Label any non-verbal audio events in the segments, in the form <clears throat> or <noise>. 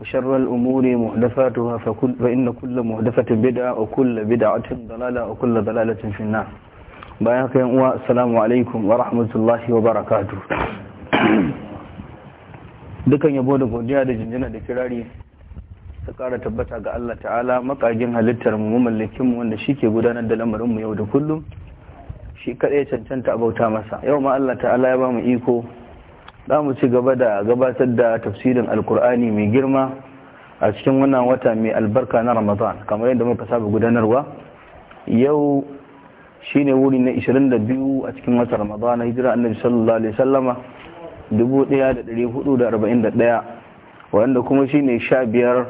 وشر الأمور محدثاتها فكل فإن كل محدثة بدعة وكل بدعة ضلالة وكل ضلالة في النار بياك السلام عليكم ورحمة الله وبركاته dukan yabo da godiya da jinjina da kirari ta kara tabbata ga Allah ta'ala makagin halittar mu mallakin mu wanda shike gudanar da lamarin mu yau da kullum shi kadai cancanta abauta masa yau ma Allah ta'ala ya ba mu iko za mu ci gaba da gabatar da tafsirin alkur'ani mai girma a cikin wannan wata mai albarka na ramadan kamar yadda muka saba gudanarwa yau shine wuri na 22 a cikin wata ramadan hijira annabi sallallahu alaihi sallama 1441 wanda kuma shine 15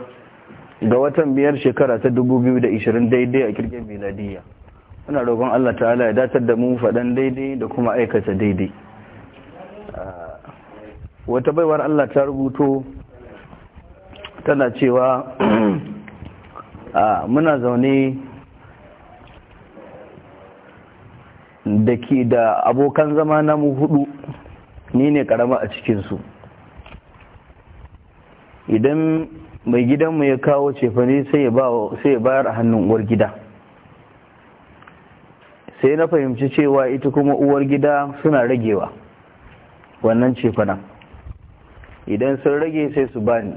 ga watan biyar shekara ta 2020 daidai a kirgin miladiyya muna roƙon Allah ta'ala ya datar da mu faɗan daidai da kuma aikata daidai wata baiwar Allah ta rubuto tana cewa <clears throat> muna zaune da ke da abokan zama na mu hudu ni ne karama a cikinsu idan mai gidanmu ya kawo cefane sai ya bayar a hannun uwar gida sai na fahimci cewa ita kuma uwar gida suna ragewa wannan cefanen idan sun rage sai su bani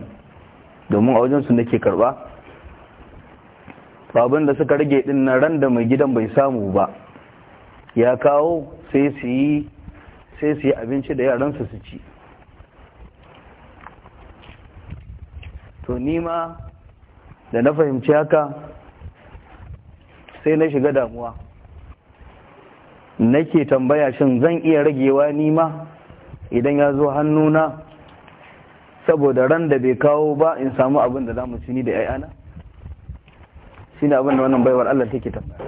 domin a wajensu nake karba babin da suka rage din na ran da mai gidan bai samu ba ya kawo sai su yi sai su yi abinci da yaransu su ci to nima da na fahimci haka sai na shiga damuwa nake tambaya shin zan iya ragewa nima idan ya zo hannuna saboda ran da bai kawo ba in samu abin da za mu ni da ‘ya'yana shi ne abin da wannan baiwar Allah take tambaya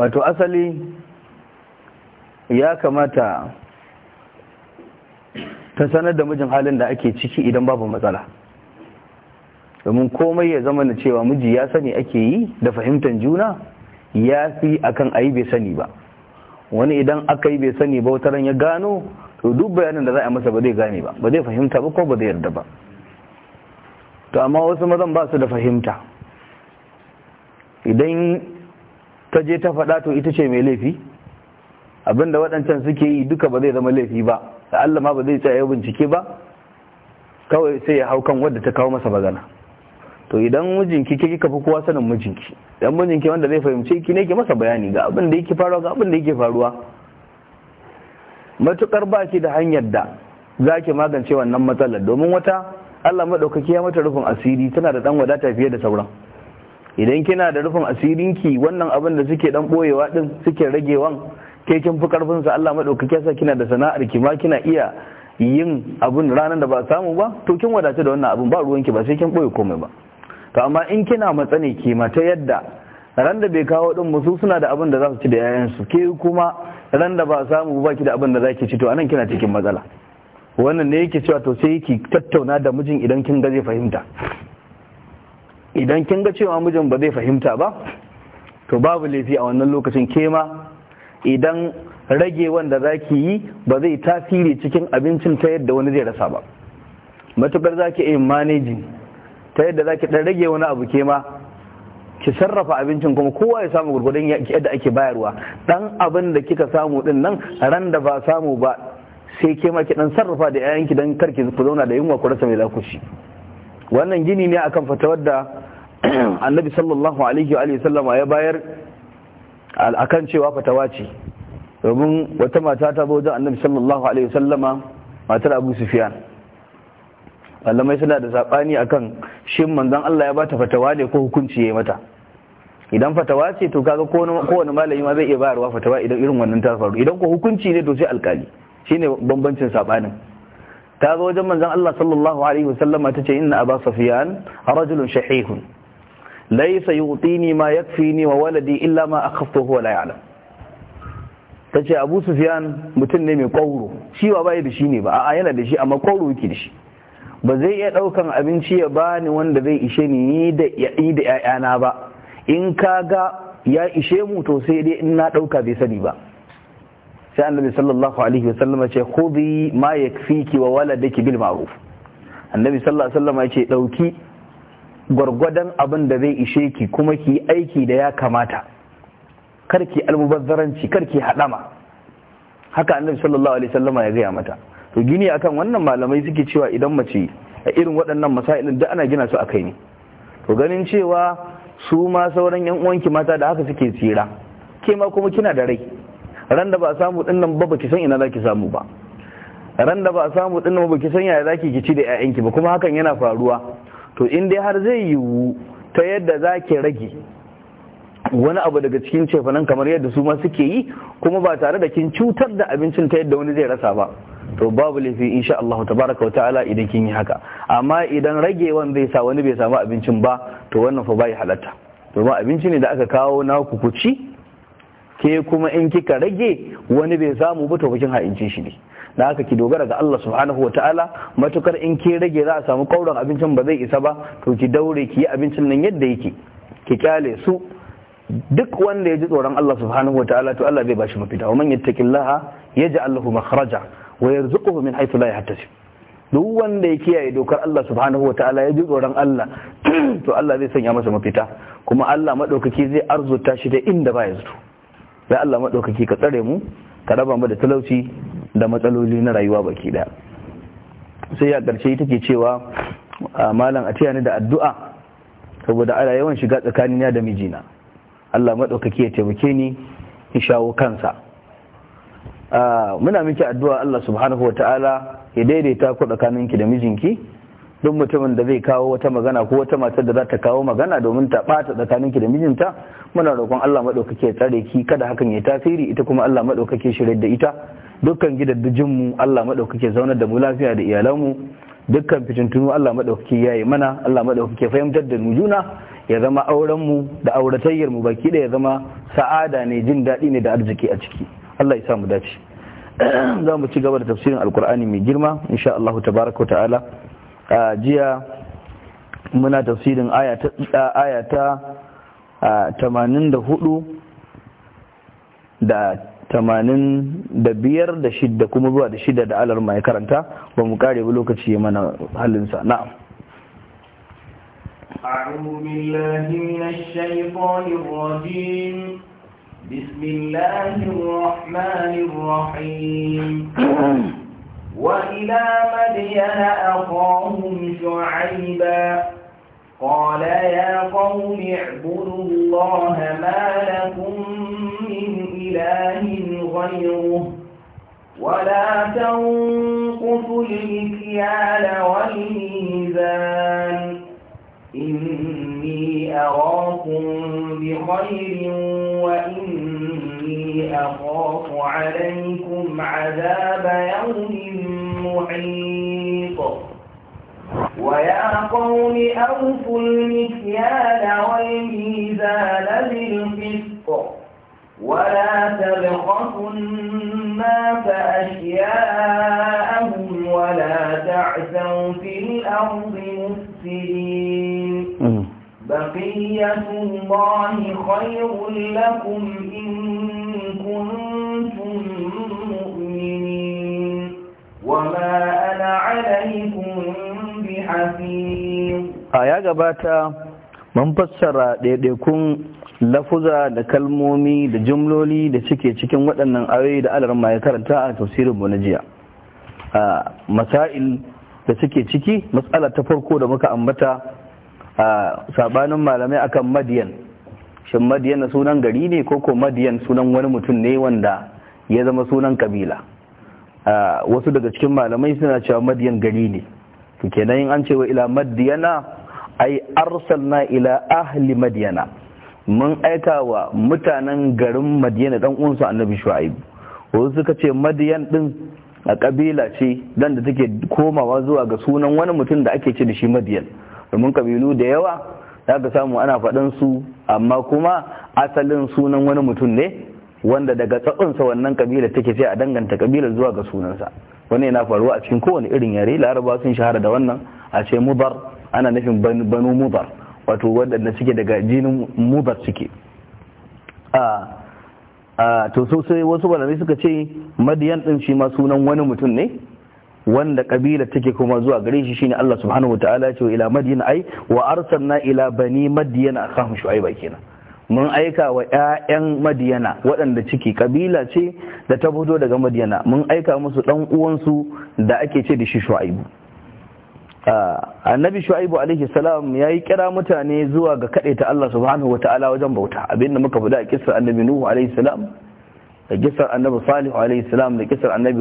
wato asali ya kamata ta sanar da mijin halin da ake ciki idan babu matsala domin komai ya zama da cewa miji ya sani ake yi da fahimtar juna ya fi akan ayi bai sani ba wani idan aka yi bai sani ba wataran ya gano to duk bayanin da za a masa ba zai gane ba ba zai fahimta ba ko ba zai yarda ba to amma wasu mazan ba su da fahimta idan ta je ta faɗa to ita ce mai laifi abinda waɗancan suke yi duka ba zai zama laifi ba da Allah ma ba zai tsaye bincike ba kawai sai ya hau kan wadda ta kawo masa magana to idan mijinki ke kika fi kowa sanin mijinki dan mijinki wanda zai fahimce ki ne ki masa bayani ga abin da yake faruwa ga abin da yake faruwa matukar baki da hanyar da za ki magance wannan matsalar domin wata Allah maɗaukaki ya mata rufin asiri tana da ɗan wadata fiye da sauran idan kina da rufin asirinki wannan abin da suke ɗan ɓoyewa ɗin suke wan ke kin fi karfin sa Allah maɗaukaki ya sa kina da sana'ar ki ma kina iya yin abin ranar da ba samu ba to kin wadata da wannan abin ba ruwanki ba sai kin ɓoye komai ba to amma in kina matsane ne ma ta yadda ran da bai kawo din musu suna da abin da za su ci da yayansu ke kuma ran da ba samu ba ki da abin da za ki ci to anan kina cikin matsala wannan ne yake cewa to sai yake tattauna da mijin idan kin ga zai fahimta idan kin ga cewa mijin ba zai fahimta ba to babu laifi a wannan lokacin ke ma idan rage wanda za ki yi ba zai tasiri cikin abincin ta yadda wani zai rasa ba matukar za ki yin manejin ta yadda za ki ɗan rage wani abu ke ma ki sarrafa abincin kuma kowa ya samu gurgudun yadda ake bayarwa dan abin da kika samu din nan ran da ba samu ba sai ke ma ki dan sarrafa da yayanki dan karki ku zauna da yunwa ku rasa mai zaku wannan gini ne akan fatawar da <clears throat> annabi sallallahu alaihi wa sallama ya bayar akan cewa fatawa ce domin wata mata ta zo wajen annabi sallallahu alaihi wa sallama matar abu sufyan malamai suna da sabani akan shin manzon Allah ya bata fatawa ne ko hukunci yayi mata idan fatawa ce to kaga kowane malami ma zai iya bayarwa fatawa idan irin wannan ta faru idan ko hukunci ne to sai alkali shine bambancin sabanin ta zo wajen manzon Allah sallallahu alaihi wasallam ta ce inna aba safiyan rajulun shahihun laysa yu'tini ma yakfini wa waladi illa ma akhaftuhu wa la ya'lam tace abu sufyan mutum ne mai kwauro shi ba bai da shi ne ba a yana da shi amma kwauro yake da shi ba zai iya ɗaukan abinci ya bani wanda zai ishe ni da da ‘ya'yana ba in ka ga ya ishe mu to sai dai in na ɗauka bai sani ba sai annabi sallallahu alaihi wa sallama ce khudhi ma yakfiki wa waladaki bil ma'ruf annabi sallallahu alaihi wa sallama ce ɗauki gwargwadon abin da zai ishe ki kuma ki aiki da ya kamata karki almubazzaranci karki haɗama haka annabi sallallahu alaihi wa sallama ya gaya mata to gini akan wannan malamai suke cewa idan mace a irin waɗannan masailin da ana gina su a kai ne to ganin cewa su ma sauran yan uwanki mata da haka suke tsira ke ma kuma kina da rai ran da ba samu din nan ba baki san ina zaki samu ba ran da ba samu din nan ba baki san yaya zaki kici da ƴaƴanki ba kuma hakan yana faruwa to in dai har zai yiwu ta yadda zaki rage wani abu daga cikin cefanen kamar yadda su ma suke yi kuma ba tare da kin cutar da abincin ta yadda wani zai rasa ba to babu laifi insha Allah tabaraka wa ta'ala idan kin yi haka amma idan ragewan zai sa wani bai samu abincin ba to wannan fa bai halatta domin abinci ne da aka kawo na ci ke kuma in kika rage wani bai samu ba to kin ha'inci shi ne da haka ki dogara ga Allah subhanahu wa ta'ala matukar in ke rage za a samu kauran abincin ba zai isa ba to ki daure ki yi abincin nan yadda yake ki kyale su duk wanda ya ji tsoron Allah subhanahu wa ta'ala to Allah zai bashi mafita wa man yattaqillaha yaj'al lahu makhraja wa yarzuquhu min haythu la yahtasib duk wanda ya kiyaye dokar Allah subhanahu wa ta'ala ya ji tsoron Allah <clears throat> to Allah zai sanya masa mafita kuma Allah madaukaki zai arzuta shi da inda ba ya zuto sai Allah madaukaki ka tsare mu ka raba mu da talauci da matsaloli na rayuwa baki daya sai ya ƙarshe take cewa malam a tiyani da addu'a saboda ala yawan shiga tsakanin ya da mijina Allah madaukaki ya taimake ni in shawo kansa muna miki addu'a Allah subhanahu wa ta'ala ya daidaita ku tsakaninki da mijinki duk mutumin da zai kawo wata magana ko wata matar da za ta kawo magana domin ta ɓata tsakaninki da mijinta muna roƙon Allah maɗaukake ya tsare ki kada hakan ya tasiri ita kuma Allah maɗaukake shirye da ita dukkan gidaddujin mu Allah maɗaukake zaunar da mu lafiya da iyalanmu dukkan fitintunu Allah maɗaukake ya yi mana Allah maɗaukake fahimtar da mu juna ya zama auren mu da auratayyar mu baki ɗaya ya zama sa'ada ne jin daɗi ne da arziki a ciki Allah ya samu dace <clears throat> za mu ci gaba da tafsirin alkur'ani mai girma insha Allah tabaraka ta'ala a jiya muna tafsirin aya ta 84 da tamanin da shida kuma zuwa da shidda da alar mai karanta ba mu kare ba lokaci mana halinsa na'am أعوذ بالله من الشيطان الرجيم بسم الله الرحمن الرحيم <clears throat> وإلى مدين أخاهم شعيبا قال يا قوم اعبدوا الله ما لكم من إله غيره ولا تنقصوا المكيال والميزان إني أراكم بخير وإني أخاف عليكم عذاب يوم محيط ويا قوم أوفوا المكيال والميزان بالقسط ولا تبخسوا الناس أشياءهم ولا تعثوا في الأرض مفسدين بقية الله خير لكم إن كنتم مؤمنين وما أنا عليكم بحفيظ آية قباتا من فسر ديكم lafuza da kalmomi da jumloli da suke cikin waɗannan aure da alarma ya karanta a tafsirin jiya a masail da suke ciki matsala ta farko da muka ambata a sabanin malamai akan madiyan shin madiyan sunan gari ne ko ko madiyan sunan wani mutum ne wanda ya zama sunan kabila wasu daga cikin malamai suna cewa madiyan gari ne to kenan an cewa ila madiyana ai arsalna ila ahli madiyana mun aika wa mutanen garin madiyana dan uwansu annabi shu'aib wasu suka ce madiyan din a kabila ce dan da take komawa zuwa ga sunan wani mutum da ake ce da shi madiyan domin kabilu da yawa za ka samu ana faɗin su amma kuma asalin sunan wani mutum ne wanda daga tsatsunsa wannan kabilar take sai a danganta kabilar zuwa ga sunansa wani yana faruwa a cikin kowane irin yare laraba sun shahara da wannan a ce mubar ana nufin banu mubar wato waɗanda suke daga jinin mubar suke to sosai wasu wadanda suka ce madiyan ɗin shi ma sunan wani mutum ne wanda kabila take kuma zuwa gare shi shine Allah subhanahu wataala ce ila madyan ai wa arsalna ila bani madyan akahum shu'aiba kenan mun aika wa ƴaƴan madiyana waɗanda ciki kabila ce da ta fito daga madiyana mun aika musu ɗan uwansu da ake ce da shi shu'aibu annabi shu'aibu alaihi salam ya yi kira mutane zuwa ga kaɗaita Allah subhanahu wataala wajen bauta abinda muka faɗi a kissa annabi nuhu alaihi salam da kisar annabi salihu alaihi salam da kisar annabi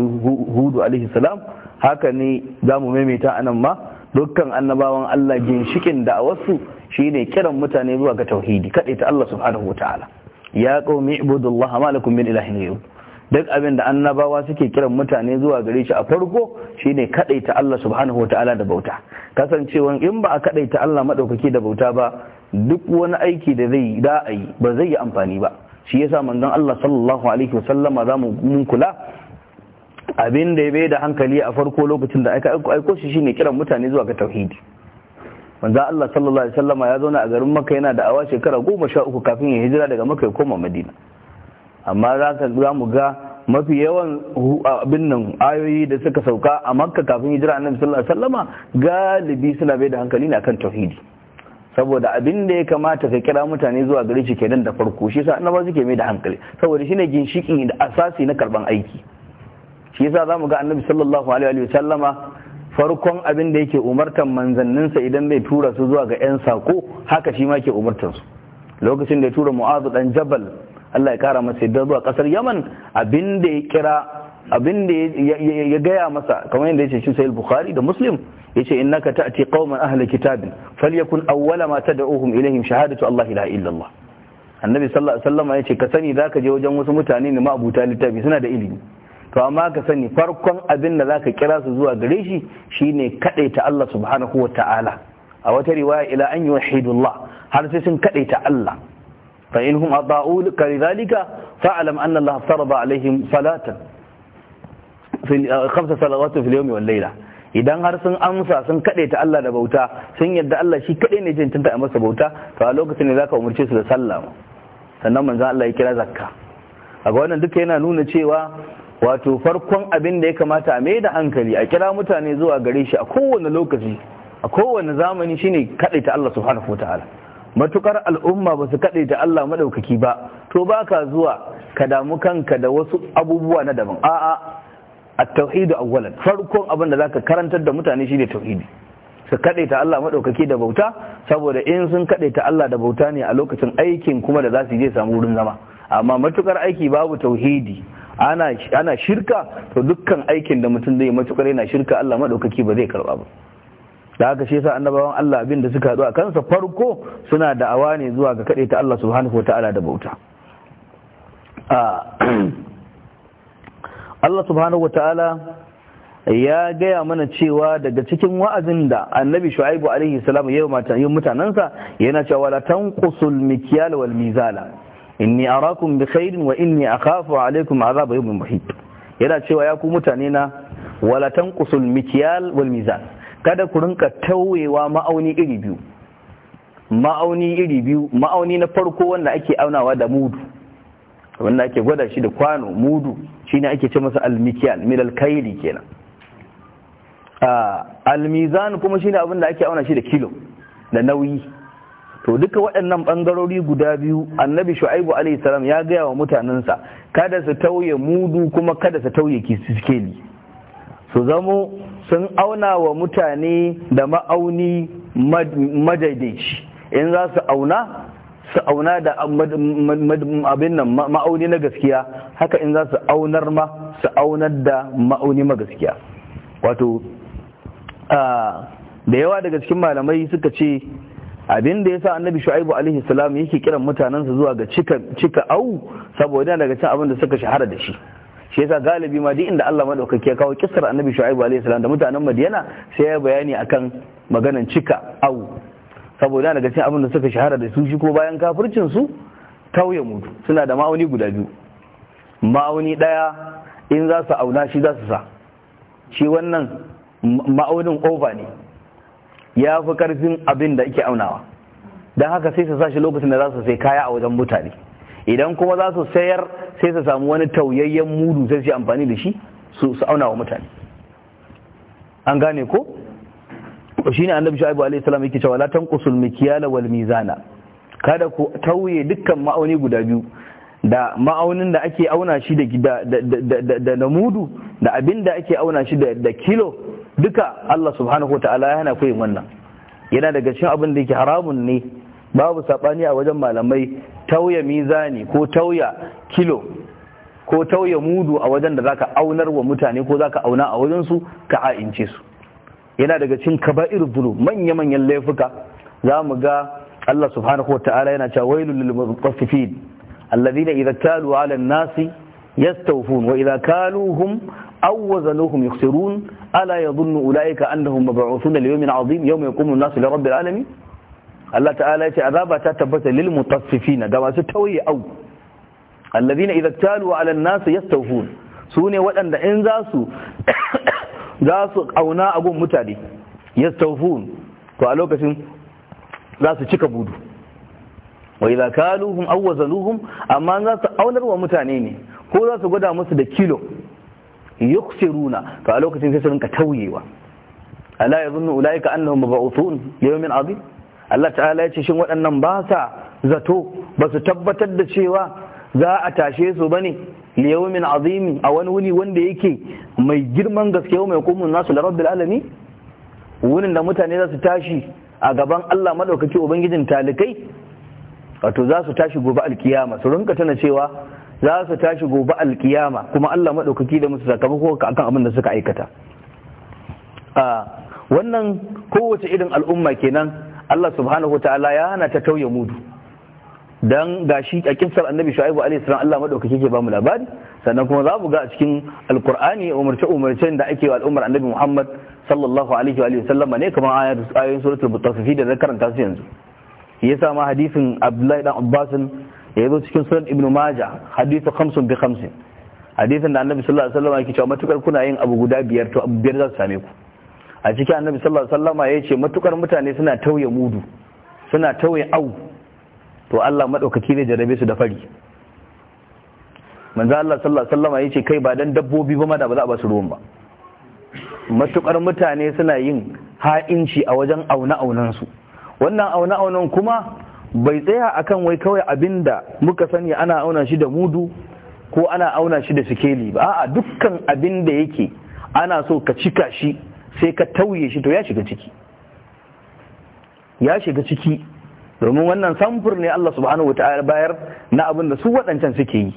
hudu alaihi salam haka ne za mu maimaita nan ma dukkan annabawan Allah ginshikin wasu shine kiran mutane zuwa ga tauhidi kaɗai ta Allah subhanahu ta'ala ya qaumi ibudullah ma lakum min ilahin yau duk abin da annabawa suke kiran mutane zuwa gare shi a farko shine kaɗai ta Allah subhanahu ta'ala da bauta kasancewan in ba a kaɗai ta Allah maɗaukaki da bauta ba duk wani aiki da zai da ba zai yi amfani ba shi yasa manzon Allah sallallahu alaihi wasallama za mu mun kula abin da ya bai da hankali a farko lokacin da aka aiko shi shine kiran mutane zuwa ga tauhidi manzon Allah sallallahu alaihi wasallama ya zauna a garin Makka yana da awa shekara goma sha uku kafin ya hijira daga Makka ya koma Madina amma za ka za mu ga mafi yawan abin nan ayoyi da suka sauka a Makka kafin hijira annabi sallallahu alaihi wasallama galibi suna bai da hankali ne akan tauhidi saboda abin da ya kamata ka kira mutane zuwa gare shi kenan da farko shi yasa annabawa suke mai da hankali saboda shine ginshikin da asasi na karban aiki shi yasa zamu ga annabi sallallahu alaihi wa sallama farkon abin da yake umartan manzanninsa idan bai tura su zuwa ga yan sako haka shi ma ke umartan su lokacin da ya tura mu'azu dan jabal Allah ya kara masa yadda zuwa kasar Yaman abin da ya kira abin da ya gaya masa kamar yadda ce shi sai bukhari da muslim yace innaka ta'ti qauman ahli kitabin falyakun awwala ma tad'uhum ilaihim shahadatu allahi la ilaha illallah annabi sallallahu alaihi wasallam ka sani zaka je wajen wasu mutane ne ma'abuta littafi suna da ilimi to amma ka sani farkon abin da zaka kira su zuwa gare shi shine kadaita Allah subhanahu wa ta'ala a wata riwaya ila an yuwahhidullah har sai sun kadaita Allah fa in hum ata'u ka lidhalika fa'lam anna Allah farada alaihim salatan Uh, khamsa salawatu fil yawmi wal layla idan har sun amsa sun kade ta Allah da bauta sun yadda Allah shi kade ne jin tunta a masa bauta to a lokacin ne zaka umurce su da sallah sannan manzon Allah ya kira zakka kaga wannan duka yana nuna cewa wato farkon abin da ya kamata a mai da hankali a kira mutane zuwa gare shi a kowane lokaci a kowane zamani shine ta Allah subhanahu wataala matukar al'umma ba su ta Allah maɗaukaki ba to baka zuwa ka damu kanka da wasu abubuwa na daban a'a at-tauhid awwalan farkon abin da zaka karantar da mutane shine tauhidi su kadaita Allah madaukaki da bauta saboda in sun ta Allah da bauta ne a lokacin aikin kuma da za su je samu wurin zama amma matukar aiki babu tauhidi ana ana shirka to dukkan aikin da mutum zai matukar yana shirka Allah madaukaki ba zai karba ba da haka shi yasa annabawan Allah abin da suka haɗu a kansa farko suna da'awa ne zuwa ga ta Allah subhanahu wataala da bauta Allah subhanahu wataala ya gaya mana cewa daga cikin wa'azin da annabi shu'aibu alaihi salam ya yi mutanensa yana cewa la tanqusul mikyal wal mizala inni arakum bi khairin wa inni akhafu alaikum azab yawmin muhit yana cewa ya ku mutane na walatan tanqusul mikyal wal mizal kada ku rinka tauyewa ma'auni iri biyu ma'auni iri biyu ma'auni na farko wanda ake aunawa da mudu wanda ake gwada shi da kwano mudu shine ake ce masa al milal min kenan almizan kuma shine abin da ake auna shi da kilo da nauyi to duka waɗannan ɓangarori guda biyu annabi shu'aibu alayhi salam ya gaya wa mutanensa kada su tauye mudu kuma kada su tauye kiskeli su zamo sun auna wa mutane da ma'auni madaidaici in za su auna su auna da abin nan ma'auni na gaskiya haka in za su aunar ma su aunar da ma'auni ma gaskiya wato da yawa daga cikin malamai suka ce abin da ya sa annabi shu'aibu alaihi salam yake kiran mutanensa zuwa ga cika cika au saboda daga cin abin da suka shahara da shi shi yasa galibi ma duk inda Allah madaukake ya kawo kissar annabi shu'aibu alaihi salam da mutanen madina sai ya bayani akan maganan cika au saboda daga cikin abin da suka shahara da su shi ko bayan kafircin su tauye mutu suna da ma'auni guda biyu ma'auni daya in za su auna shi za su sa shi wannan ma'aunin over ne ya fi karfin abin da ake aunawa don haka sai su sa shi lokacin da za su sai kaya a wajen mutane idan kuma za su sayar sai su samu wani tauyayyen mudu sai su amfani da shi su auna wa mutane an gane ko shine annabi shaibu alaihi salam yake cewa la tanqusul mikyala wal mizana kada ku tauye dukkan ma'auni guda biyu da ma'aunin da ake auna shi da da mudu da abin da ake auna shi da kilo duka Allah subhanahu wa ta'ala yana koyin wannan yana daga cikin abin da yake haramun ne babu sabani a wajen malamai tauya mizani ko tauya kilo ko tauya mudu a wajen da zaka aunar wa mutane ko zaka auna a wajen su ka aince su yana daga cikin kaba'irul dhulum manya-manyan laifuka zamu ga Allah subhanahu wa ta'ala yana cewa wailul lil mutaffifin alladhina idha kalu 'ala an-nasi yastawfun wa idha kaluhum aw wazanuhum yukhsirun ala yadhunnu ulaika annahum mab'uthun li yawmin 'azim yawma yaqumu an-nasu li rabbil 'alamin Allah ta'ala yace azaba ta tabbata lil mutaffifin ga wasu tawayi au alladhina idha kalu 'ala an-nasi yastawfun sune wadanda in za su za su auna a gun mutane yastawfun to a lokacin za su cika budu Wai za ka kaluhum aw wazanuhum amma za su aunar wa mutane ne ko za su gwada musu da kilo Ya runa to a lokacin sai su rinka tauyewa ala yazunnu ulaika annahum mab'uthun min azim Allah ta'ala ya ce shin waɗannan ba sa zato ba su tabbatar da cewa za a tashe su ba ne? liyawmin azimi a wani wuni wanda yake mai girman gaske mai kumun nasu la rabbil alami wunin da mutane za su tashi a gaban Allah madaukaki ubangijin talikai wato za su tashi gobe alkiyama su rinka tana cewa za su tashi gobe alkiyama kuma Allah madaukaki da musu sakamako akan abin da suka aikata a wannan kowace irin al'umma kenan Allah subhanahu wa ya hana ta tauye mudu dan gashi a kisar annabi shu'aibu alaihi salam Allah madaukaki ke bamu labari sannan kuma za mu ga a cikin alqur'ani umarce umarcen da ake wa al'ummar annabi Muhammad sallallahu alaihi wa sallam ne kamar ayatu ayatu suratul mutaffifin da karanta su yanzu yasa ma hadisin Abdullahi dan Abbas ya zo cikin sunan Ibn Majah hadithu khamsun bi khamsin hadisin da annabi sallallahu alaihi wa sallama yake cewa matukar kuna yin abu guda biyar to abu biyar za su same ku a cikin annabi sallallahu alaihi wa sallam yace matukar mutane suna tauye mudu suna tauye au to Allah maɗaukaki zai jarabe su da fari manzan Allah sallallahu alaihi ya yace kai ba don dabbobi ba ma da ba za a ba su ruwan ba matukar mutane suna yin ha'inci a wajen auna aunansu wannan auna-aunan kuma bai tsaya a kan wai kawai abin da muka sani ana auna shi da mudu ko ana auna shi da sikeli ba a'a dukkan abin da yake ana so ka cika shi sai ka tauye shi to ya shiga ciki ya shiga ciki domin wannan samfur ne Allah subhanahu wata'ala bayar na abin da su waɗancan suke yi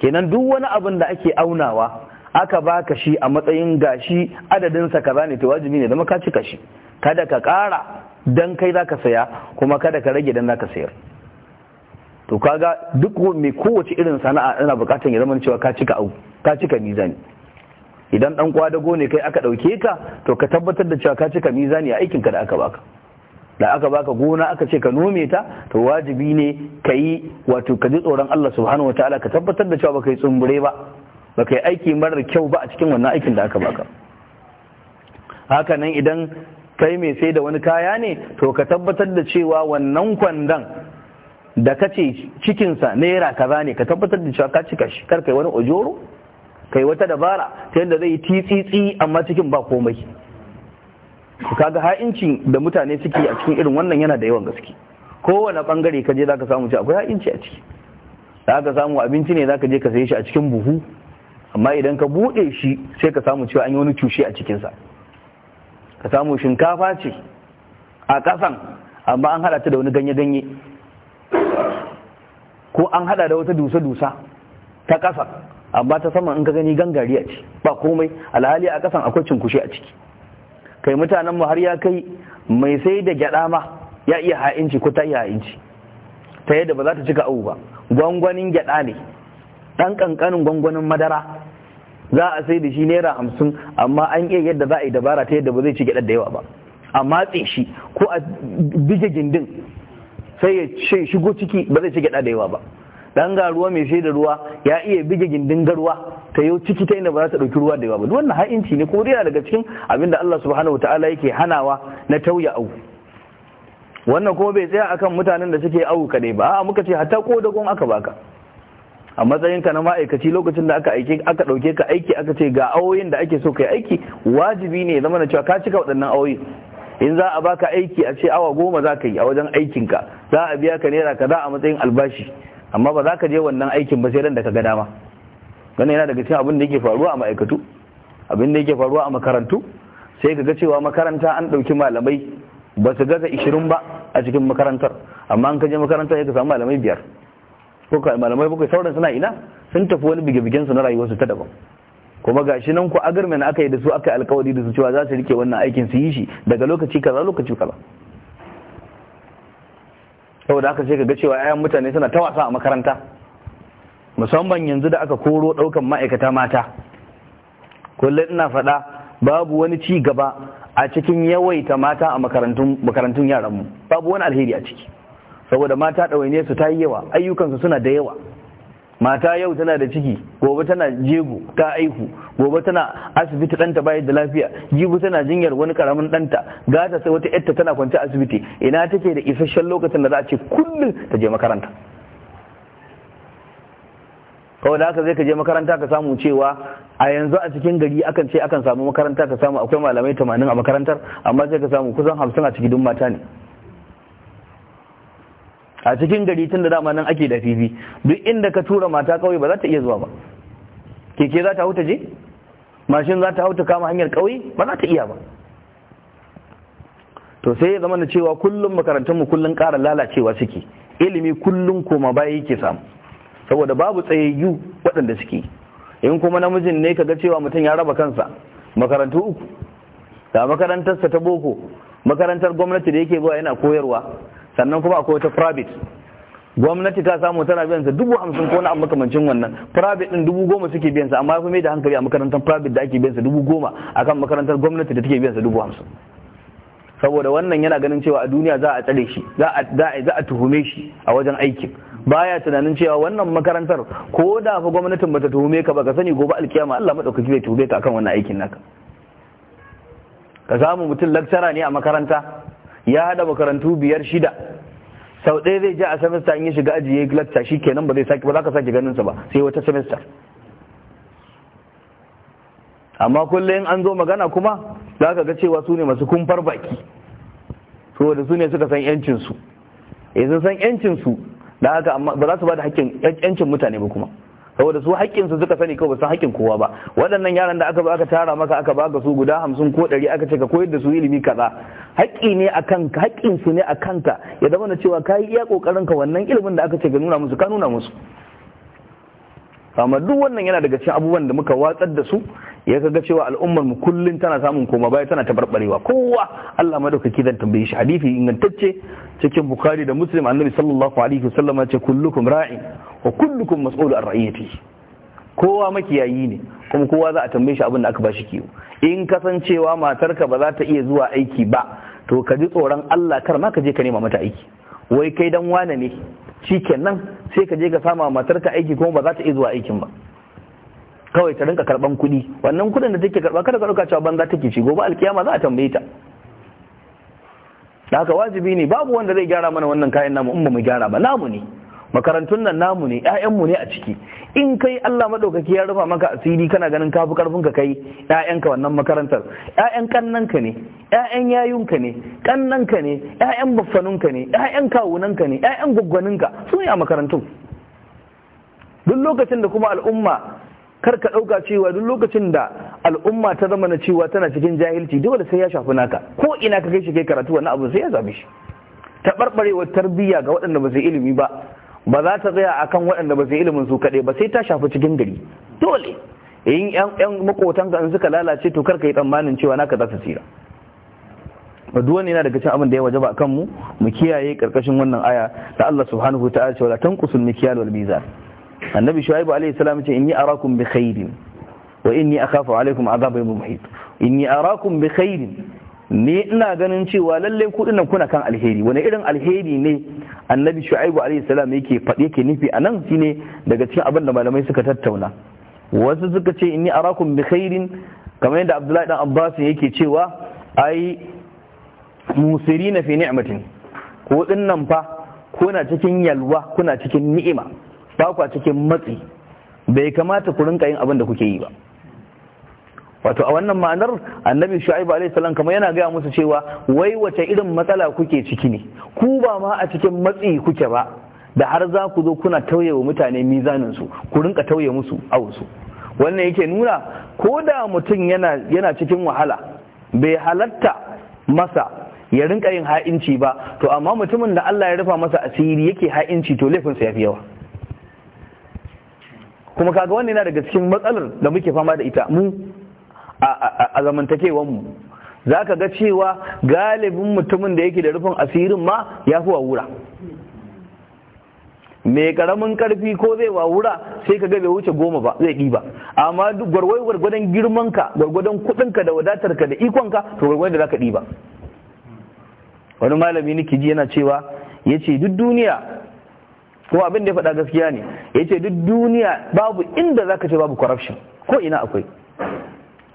kenan duk wani abin da ake aunawa aka baka shi a matsayin gashi adadinsa kaza ne to wajibi ne zama ka cika shi kada ka ƙara dan kai zaka saya kuma kada ka rage dan zaka sayar to kaga duk mai kowace irin sana'a ana buƙatar ya zama cewa ka cika au ka cika mizani idan dan kwadago ne kai aka dauke ka to ka tabbatar da cewa ka cika mizani a aikin ka da aka baka da aka baka gona aka ce ka nome ta to wajibi ne ka yi wato ka ji tsoron Allah subhanahu wa ta'ala ka tabbatar da cewa baka yi tsumbure ba baka yi aiki marar kyau ba a cikin wannan aikin da aka baka haka nan idan kai mai sai da wani kaya ne to ka tabbatar da cewa wannan kwandon da ka ce cikinsa naira kaza ne ka tabbatar da cewa ka cika shi kar kai wani ojoro kai wata dabara ta yadda zai yi titsitsi amma cikin ba komai kaga ha'incin da mutane suke a cikin irin wannan yana da yawan gaske kowane bangare ka je zaka samu ci akwai ha'inci a ciki zaka samu abinci ne zaka je ka saye shi a cikin buhu amma idan ka bude shi sai ka samu cewa an yi wani cushe a cikinsa ka samu shinkafa ce a kasan amma an hada ta da wani ganye-ganye ko an hada da wata dusa-dusa ta kasa amma ta saman in ka gani gangariya ce ba komai alhali a kasan akwai cinkushe a ciki kai mutanen mu har ya kai mai sai da gyada ma ya iya ha'inci ko ta iya ha'inci ta yadda ba za ta cika abu ba gwangwanin gyada ne Ɗan ƙanƙanin gwangwanin madara za a sai da shi naira hamsin amma an iya yadda za a yi dabara ta yadda ba zai ci gyada da yawa ba a matse shi ko a bige gindin sai ya shigo ciki ba zai ci gyada da yawa ba dan ga ruwa mai sai da ruwa ya iya bige gindin garwa ta yau ciki ta inda ba za ta dauki ruwa da yawa ba duk wannan ha'inci ne ko yana daga cikin abinda Allah subhanahu wataala yake hanawa na tauya au wannan kuma bai tsaya akan mutanen da suke au kadai ba a'a muka ce hatta ko dagon aka baka a matsayinka na ma'aikaci lokacin da aka aike aka dauke ka aiki aka ce ga awoyin da ake so kai aiki wajibi ne ya zama na cewa ka cika waɗannan awoyin in za a baka aiki a ce awa goma za ka yi a wajen aikinka za a biya ka naira kaza a matsayin albashi amma ba za ka je wannan aikin ba sai ran da ka ga dama wannan yana daga cikin abin da yake faruwa a ma'aikatu abin da yake faruwa a makarantu sai ka ga cewa makaranta an ɗauki malamai ba su gaza 20 ba a cikin makarantar amma an kaje makarantar ya ka samu malamai biyar ko ka malamai bakwai sauran suna ina sun tafi wani bige-bigen su na rayuwarsu ta daban kuma gashi nan ku agarmen aka yi da su aka yi alkawari da su cewa za su rike wannan aikin su yi shi daga lokaci kaza lokaci kaza saboda aka sai ka ga cewa 'ya'yan mutane suna ta wasa a makaranta musamman yanzu da aka koro ɗaukan ma'aikata mata kullum ina faɗa babu wani ci gaba a cikin yawaita mata a makarantun yaranmu babu wani alheri a ciki saboda mata su ta yi yawa ayyukansu suna da yawa mata yau tana da ciki gobe tana jego ta aihu gobe tana asibiti ɗanta bayan da lafiya jibu tana jinyar wani karamin danta gata sai wata yatta tana kwance asibiti ina take da isasshen lokacin da za a ce kullum ta je makaranta kawai da haka zai ka je makaranta ka samu cewa a yanzu a cikin gari akan ce akan samu makaranta ka samu akwai malamai tamanin a makarantar amma sai ka samu kusan hamsin a cikin mata ne a cikin gari tun da dama nan ake da fifi duk inda ka tura mata ƙauye ba za ta iya zuwa ba keke za ta hauta je mashin za ta hauta kama hanyar ƙauye ba za ta iya ba to sai ya zama da cewa kullum makarantunmu kullum ƙara lalacewa suke ilimi kullum koma baya yake samu saboda babu tsayayyu waɗanda suke in kuma namijin ne ka ga cewa mutum ya raba kansa makarantu uku da makarantarsa ta boko makarantar gwamnati da yake zuwa yana koyarwa sannan kuma akwai wata private gwamnati ta samu tana biyan sa dubu hamsin ko na abu makamancin wannan private din dubu goma suke biyan sa amma kuma mai da hankali a makarantar private da ake biyan sa dubu goma akan makarantar gwamnati da take biyan sa dubu hamsin saboda wannan yana ganin cewa a duniya za a tsare shi za a tuhume shi a wajen aikin baya tunanin cewa wannan makarantar ko da fa gwamnatin bata tuhume ka ba ka sani gobe alkiyama Allah madaukaki zai tuhume ka akan wannan aikin naka ka samu mutum lakcara ne a makaranta ya hada makarantu biyar shida sau ɗaya zai ja a semester in ya shiga ajiye ya yi shi kenan ba zai sake ba za ka sake ganin sa ba sai wata semester amma kullum an zo magana kuma za ka ga cewa su ne masu kumfar baki saboda su ne suka san yancinsu ya eh, sun san yancinsu da haka ba za su ba da haƙƙin yancin mutane ba kuma saboda su haƙƙin su suka sani kawai ba san haƙƙin kowa ba waɗannan yaran da aka ba aka tara maka aka baka su guda hamsin ko ɗari aka ce ka koyar da su ilimi kaza haƙƙi ne kanka haƙƙin su ne a kanka ya zama na cewa ka yi iya ƙoƙarin ka wannan ilimin da aka ce ka nuna musu ka nuna musu amma duk wannan yana daga cikin abubuwan da muka watsar da su ya kaga cewa al'ummar mu kullun tana samun koma baya tana tabarbarewa kowa Allah madaukaki zan tambaye shi hadisi ingantacce cikin bukhari da muslim annabi sallallahu alaihi wasallam ya ce kullukum ra'in wa kullukum mas'ulu an ra'iyati kowa makiyayi ne kuma kowa za a tambaye shi abin da aka bashi kiwo in kasancewa matarka ba za ta iya zuwa aiki ba to ka ji tsoron Allah kar ma ka je ka nema mata aiki wai kai dan wane ne shikenan sai ka je ka sama matarka aiki kuma ba za ta iya zuwa aikin ba kawai ta rinka karban kuɗi wannan kuɗin da take karba kada ka ɗauka cewa banza take ci gobe alkiyama za a tambaye ta da haka wajibi ne babu wanda zai gyara mana wannan kayan namu in ba mu gyara ba namu ne makarantun nan namu ne ƴaƴanmu ne a ciki in kai Allah maɗaukaki ya rufa maka asiri kana ganin ka fi karfin ka kai ƴaƴanka wannan makarantar ƴaƴan ka ne ƴaƴan yayunka ne ka ne ƴaƴan baffanunka ne ƴaƴan kawunanka ne ƴaƴan ka su ne a makarantun duk lokacin da kuma al'umma kar ka ɗauka cewa duk lokacin da al'umma ta zama na cewa tana cikin jahilci dole sai ya shafi naka ko ina ka kai shi kai karatu wannan abu sai ya zabi shi taɓarɓarewar tarbiyya ga waɗanda ba su ilimi ba ba za ta tsaya kan waɗanda ba su yi ilimin su kaɗai ba sai ta shafi cikin gari dole in yan makotan ka suka lalace to karka yi tsammanin cewa naka za su tsira ba duwan yana daga cin abin da ya waje ba a kanmu mu kiyaye karkashin wannan aya da Allah subhanahu wa ta'ala cewa tanqusul mikyal wal mizan annabi shuaibu alaihi salam ce inni arakum bi khairin wa inni akhafu alaikum adhab yawm muhit inni arakum bi khairin ni ina ganin cewa lalle kudin nan kuna kan alheri wani irin alheri ne annabi shu'aibu alaihi salam yake faɗi yake nufi anan shine daga cikin abin da malamai suka tattauna wasu suka ce inni arakum bi khairin kamar yadda abdullahi dan abbas yake cewa ai musirina fi ni'matin ko nan fa kuna cikin yalwa kuna cikin ni'ima ba ku cikin matsi bai kamata ku rinka yin abin da kuke yi ba wato a wannan ma'anar annabi shu'aibu alaihi salam kamar yana gaya musu cewa wai wace irin matsala kuke ciki ne ku ba ma a cikin matsi kuke ba da har za ku zo kuna tauye wa mutane mizanin su ku rinka tauye musu awusu wannan yake nuna ko da mutum yana yana cikin wahala bai halatta masa ya rinka yin ha'inci ba to amma mutumin da Allah ya rufa masa asiri yake ha'inci to laifinsa ya fi yawa kuma kaga wannan yana daga cikin matsalar da muke fama da ita mu a zamantakewanmu za ka ga cewa galibin mutumin da yake da rufin asirin ma ya fi wawura mai karamin karfi ko zai wawura sai ka ga bai wuce goma ba zai ɗi ba. amma duk gwargwai gwargwadon girmanka gwargwadon kudinka da wadatarka da ikonka to gwargwadon da za ka ɗi ba. wani malami niki ji yana cewa ya ce duk duniya kuma abin da ya faɗa gaskiya ne ya ce duk duniya babu inda za ka ce babu corruption ko ina akwai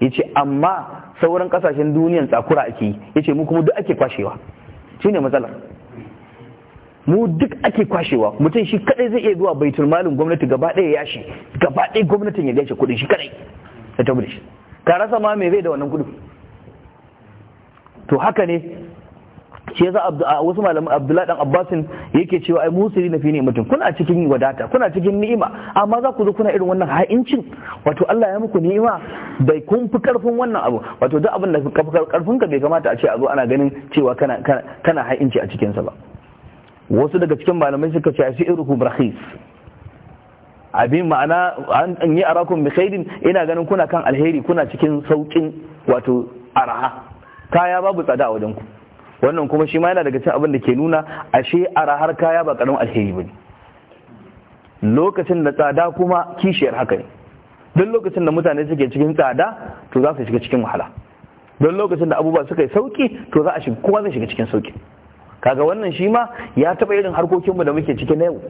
yace amma sauran kasashen duniyan tsakura ake yi. yace mu kuma duk ake kwashewa ne matsalar mu duk ake kwashewa mutum shi kadai zai iya zuwa baitul malin gwamnati gaba ɗaya ya shi gaba ɗaya gwamnatin ya gaishe kuɗin shi kadai da ta shi ka rasa ma me zai da wannan kuɗin to haka ne shi yasa wasu malamin abdullahi dan abbasin yake cewa ai musiri na fi ne mutum kuna cikin wadata kuna cikin ni'ima amma za ku zo kuna irin wannan ha'incin wato Allah ya muku ni'ima bai kun fi karfin wannan abu wato duk abin da karfin ka bai kamata a ce a zo ana ganin cewa kana kana ha'inci a cikin sa ba wasu daga cikin malamai suka ce fi'ruhu rakhis abin ma'ana an yi arakun bi khairin ina ganin kuna kan alheri kuna cikin saukin wato araha kaya babu tsada a wajen ku wannan kuma shi ma yana daga cin abin da ke nuna ashe rahar kaya ba karamin alheri ba ne lokacin da tsada kuma kishiyar haka ne don lokacin da mutane suke cikin tsada to za su shiga cikin wahala don lokacin da abubuwa suka yi sauki to za a shiga kowa zai shiga cikin sauki kaga wannan shi ma ya taɓa irin harkokinmu da muke ciki na yau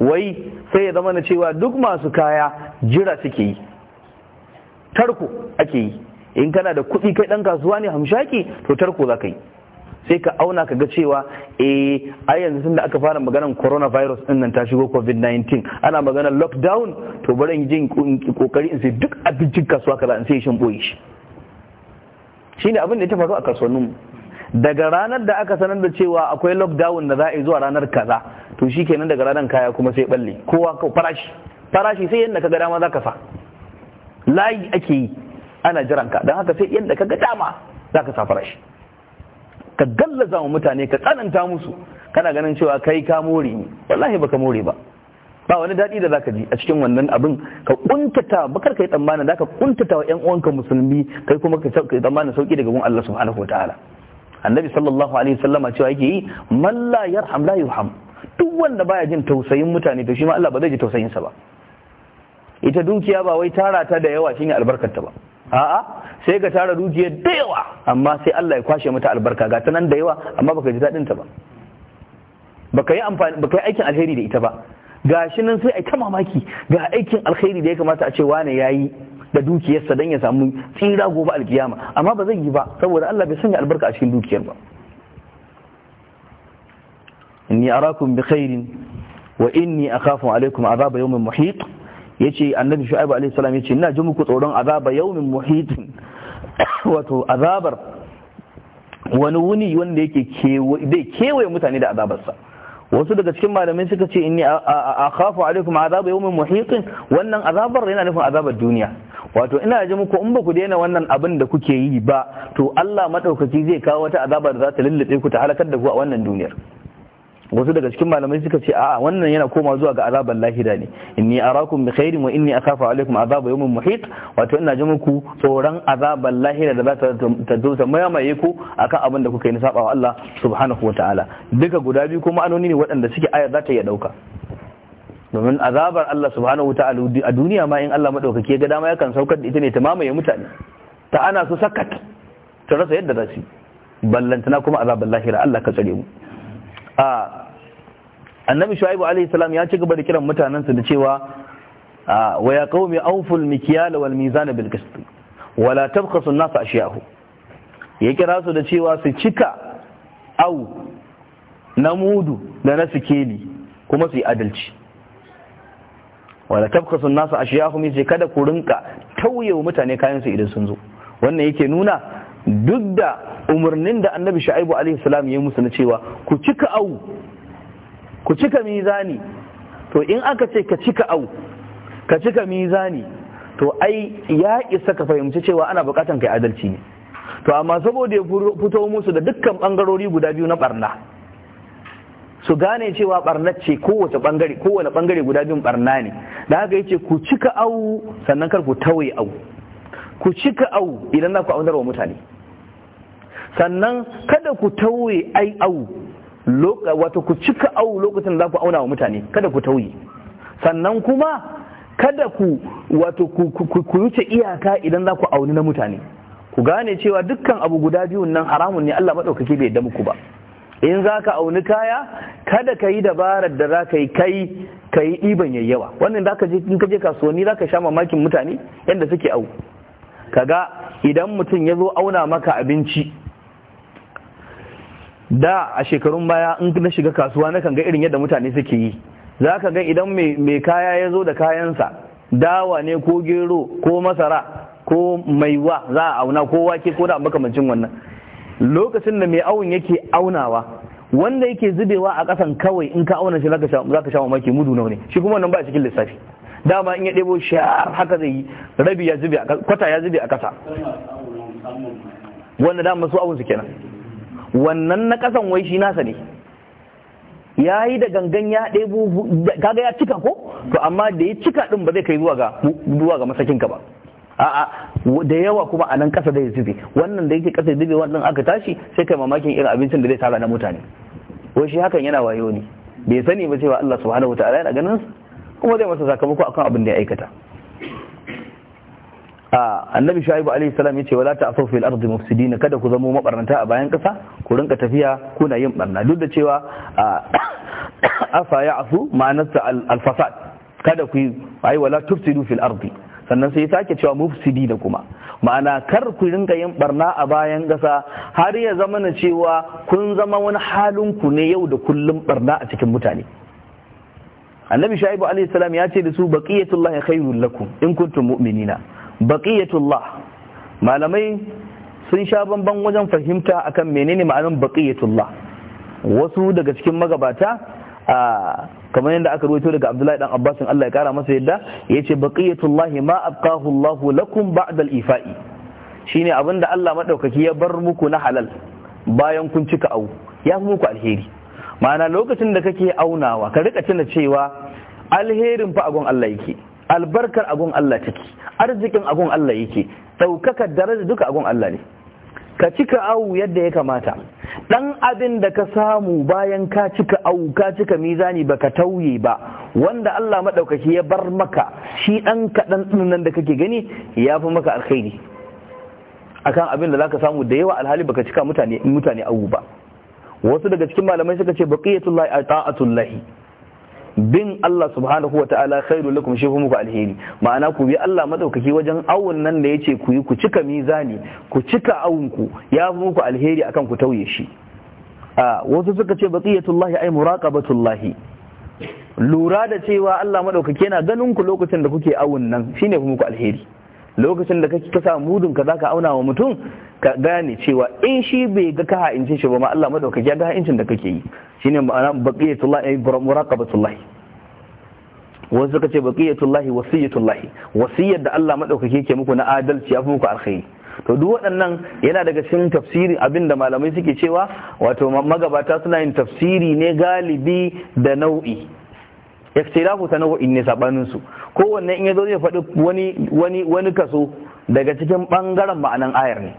wai sai ya zama na cewa duk masu kaya jira suke yi tarko ake yi in kana da kuɗi kai ɗan kasuwa ne hamshaki to tarko za ka yi sai ka auna ka ga cewa eh ai yanzu tunda aka fara maganar coronavirus din nan ta shigo covid-19 ana maganar lockdown to bari jin kokari in sai duk abincin kasuwa kaza in sai shin boye shi shine abin da ya faru a kasuwannin daga ranar da aka sanar da cewa akwai lockdown da za a yi zuwa ranar kaza to kenan daga ranar kaya kuma sai balle kowa farashi farashi sai yadda ka ga dama za ka sa layi ake yi ana jiran ka don haka sai yadda ka ga dama za ka safara shi ka gallaza wa mutane ka tsananta musu kana ganin cewa kai ka more ne wallahi baka more ba ba wani daɗi da zaka ji a cikin wannan abin ka kuntata bakar kai tsammanin zaka kuntata wa ƴan uwanka musulmi kai kuma ka tsammanin sauki daga gun Allah subhanahu ta'ala. annabi sallallahu alaihi wasallama cewa yake yi man la yarham la yurham duk wanda baya jin tausayin mutane to shi ma Allah ba zai ji tausayin sa ba ita dukiya ba wai tarata da yawa shine albarkar ta ba a'a sai ka tara dukiyar da yawa amma sai Allah ya kwashe mata albarka ga ta nan da yawa amma baka ji daɗin ta ba baka yi amfani baka yi aikin alheri da ita ba gashi nan sai a ta mamaki ga aikin alheri da ya kamata a ce wane yayi da dukiyarsa don ya samu tsira gobe alkiyama amma ba zai yi ba saboda Allah bai sanya albarka a cikin dukiyar ba inni arakum bi khairin wa inni akhafu alaikum azaba yawmin muhit yace annabi shu'aib a.s. salam yace ina ji muku tsoron azaba yawmin muhitin <coughs> wato azabar wani wuni wanda yake kewaye mutane da azabarsa wasu daga cikin malamai suka ce inni akhafu alaikum yau yawmin muhitin wannan azabar yana nufin azabar duniya wato ina ji muku in baku ku daina wannan abin da kuke yi ba to Allah madaukaki zai kawo wata azabar da za ta lullube ku ta halakar da ku a wannan duniyar wasu daga cikin malamai suka ce a'a wannan yana koma zuwa ga azabar lahira ne inni arakum bi khairin wa inni akhafu alaikum azaba yawmin muhit wato ina ji muku tsoron azabar lahira da za ta zo ta mayamaye ku akan abin da kuka yi na wa Allah subhanahu wataala duka guda biyu kuma anoni ne waɗanda suke ayar za ta iya ɗauka. domin azabar Allah subhanahu wataala a duniya ma in Allah ya ga dama yakan saukar da ita ne ta mamaye mutane ta ana su sakat ta rasa yadda za su ballantana kuma azabar lahira Allah ka tsare mu a annabi shu'aibu alaihi salam ya ci gaba da kiran su da cewa ah, wa ya qaumi awful mikyal wal mizan bil qist wa la tabqasu an nas ashiyahu ya kira su da cewa su cika au na mudu da na sikeli kuma su yi adalci wa la tabqasu an nas ashiyahu yace kada ku rinka tauyewa mutane kayan su idan sun zo wannan yake nuna duk da umarnin da annabi shu'aibu alaihi salam ya yi musu na cewa ku cika au ku cika mizani to in aka ce ka cika au ka cika mizani to ai ya isa ka fahimci cewa ana bukatan kai adalci ne to amma saboda ya fito musu da dukkan bangarori guda biyu na barna su gane cewa barna ce kowace bangare kowane bangare guda biyun barna ne da haka yace ku cika au sannan kar ku tawaye au ku cika au idan na ku wa mutane sannan kada ku tauye ai au wato ku cika au lokacin za ku auna wa mutane kada ku tauye sannan kuma kada ku wato ku wuce iyaka idan za ku auni na mutane ku gane cewa dukkan abu guda biyun nan haramun ne Allah maɗaukaki bai yadda muku ba in za ka auni kaya kada ka yi dabarar da za ka yi kai ka yi ɗiban yayyawa wannan da ka je in ka je kasuwanni za ka sha mamakin mutane yadda suke au kaga idan mutum ya zo auna maka abinci da a shekarun baya in na shiga kasuwa na kan ga irin yadda mutane suke yi za ka ga idan mai kaya ya zo da kayansa dawa ne ko gero ko masara ko maiwa za a auna ko wake ko da makamancin wannan lokacin da mai awon yake aunawa wanda yake zubewa a kasan kawai in ka auna shi za ka sha mamaki mudu nawa ne shi kuma wannan ba cikin lissafi dama in ya ɗebo shahar haka zai yi rabi ya zube a kwata ya zube a ƙasa wanda dama su awon su kenan wannan na kasan wai shi nasa ne ya yi da gangan ya ɗebo kaga ya cika ko to amma da ya cika ɗin ba zai kai zuwa ga masakinka ba a'a da yawa kuma a nan ƙasa zai zube wannan da yake kasa zube wannan aka tashi sai kai mamakin irin abincin da zai tara na mutane wai shi hakan yana wayo ne bai sani ba cewa Allah subhanahu wataala yana ganin kuma zai masa sakamako akan abin da ya aikata annabi shaibu alaihi salam yace wala ta'fu fil ardi mufsidin kada ku zamo mabarnata a bayan kasa ku rinka tafiya kuna yin barna duk da cewa <coughs> afa ya'fu ma'anarsa al-fasad kada ku ai wala tufsidu fil ardi sannan sai sake cewa mufsidi da kuma ma'ana kar ku rinka yin barna a bayan kasa har ya zama na cewa kun zama wani halin ku ne yau da kullum barna a cikin mutane annabi shaibu alaihi salam ya ce da su baqiyatullahi khairul lakum in kuntum mu'minina baqiyatullah malamai sun sha bamban wajen fahimta akan menene ma'anar baqiyatullah wasu daga cikin magabata a kamar yadda aka ruwaito daga Abdullahi dan Abbas Allah ya kara masa yadda yace baqiyatullahi ma abqahu Allah lakum ba'da al-ifa'i shine abinda Allah madaukaki ya bar muku na halal bayan kun cika au ya fi muku alheri ma'ana lokacin da kake aunawa ka rika tuna cewa alherin fa agon Allah yake albarkar agon Allah take arzikin agun Allah yake daukaka daraja duka agun Allah ne ka cika awu yadda ya kamata ɗan abin da ka samu bayan ka cika awu ka cika mizani baka tauye ba wanda Allah maɗaukaki ya bar maka shi ɗan kaɗan nan da kake gani yafi maka alkhairi akan abin da zaka samu da yawa alhali baka cika mutane mutane awu ba wasu daga cikin malamai suka ce baqiyatullahi ata'atullahi bin Allah subhanahu wa ta'ala khairu lakum shi muku alheri ma'ana ku bi Allah madaukaki wajen awun nan da yace ku yi ku cika mizani ku cika awun ku ya fi muku alheri akan ku tauye shi a wasu suka ce baqiyatullah ay muraqabatullah lura da cewa Allah madaukaki yana ganin ku lokacin da kuke awun nan shine fi muku alheri lokacin da kake ka sa mudun ka zaka auna wa mutum ka gane cewa in shi bai ga ka ha'incin shi ba ma Allah madauka ya ga ha'incin da kake yi shine ma'ana baqiyatullahi eh, muraqabatullahi wasu suka ce baqiyatullahi wasiyatullahi wasiyar da Allah madaukaki yake muku na adalci ya fi muku alkhairi to duk waɗannan yana daga cikin tafsirin abinda malamai suke cewa wato magabata suna yin tafsiri ne galibi da nau'i ikhtilafu tanawu'in ne sabanin su kowanne in yazo zai faɗi wani wani wani kaso daga cikin bangaren ma'anan ayar ne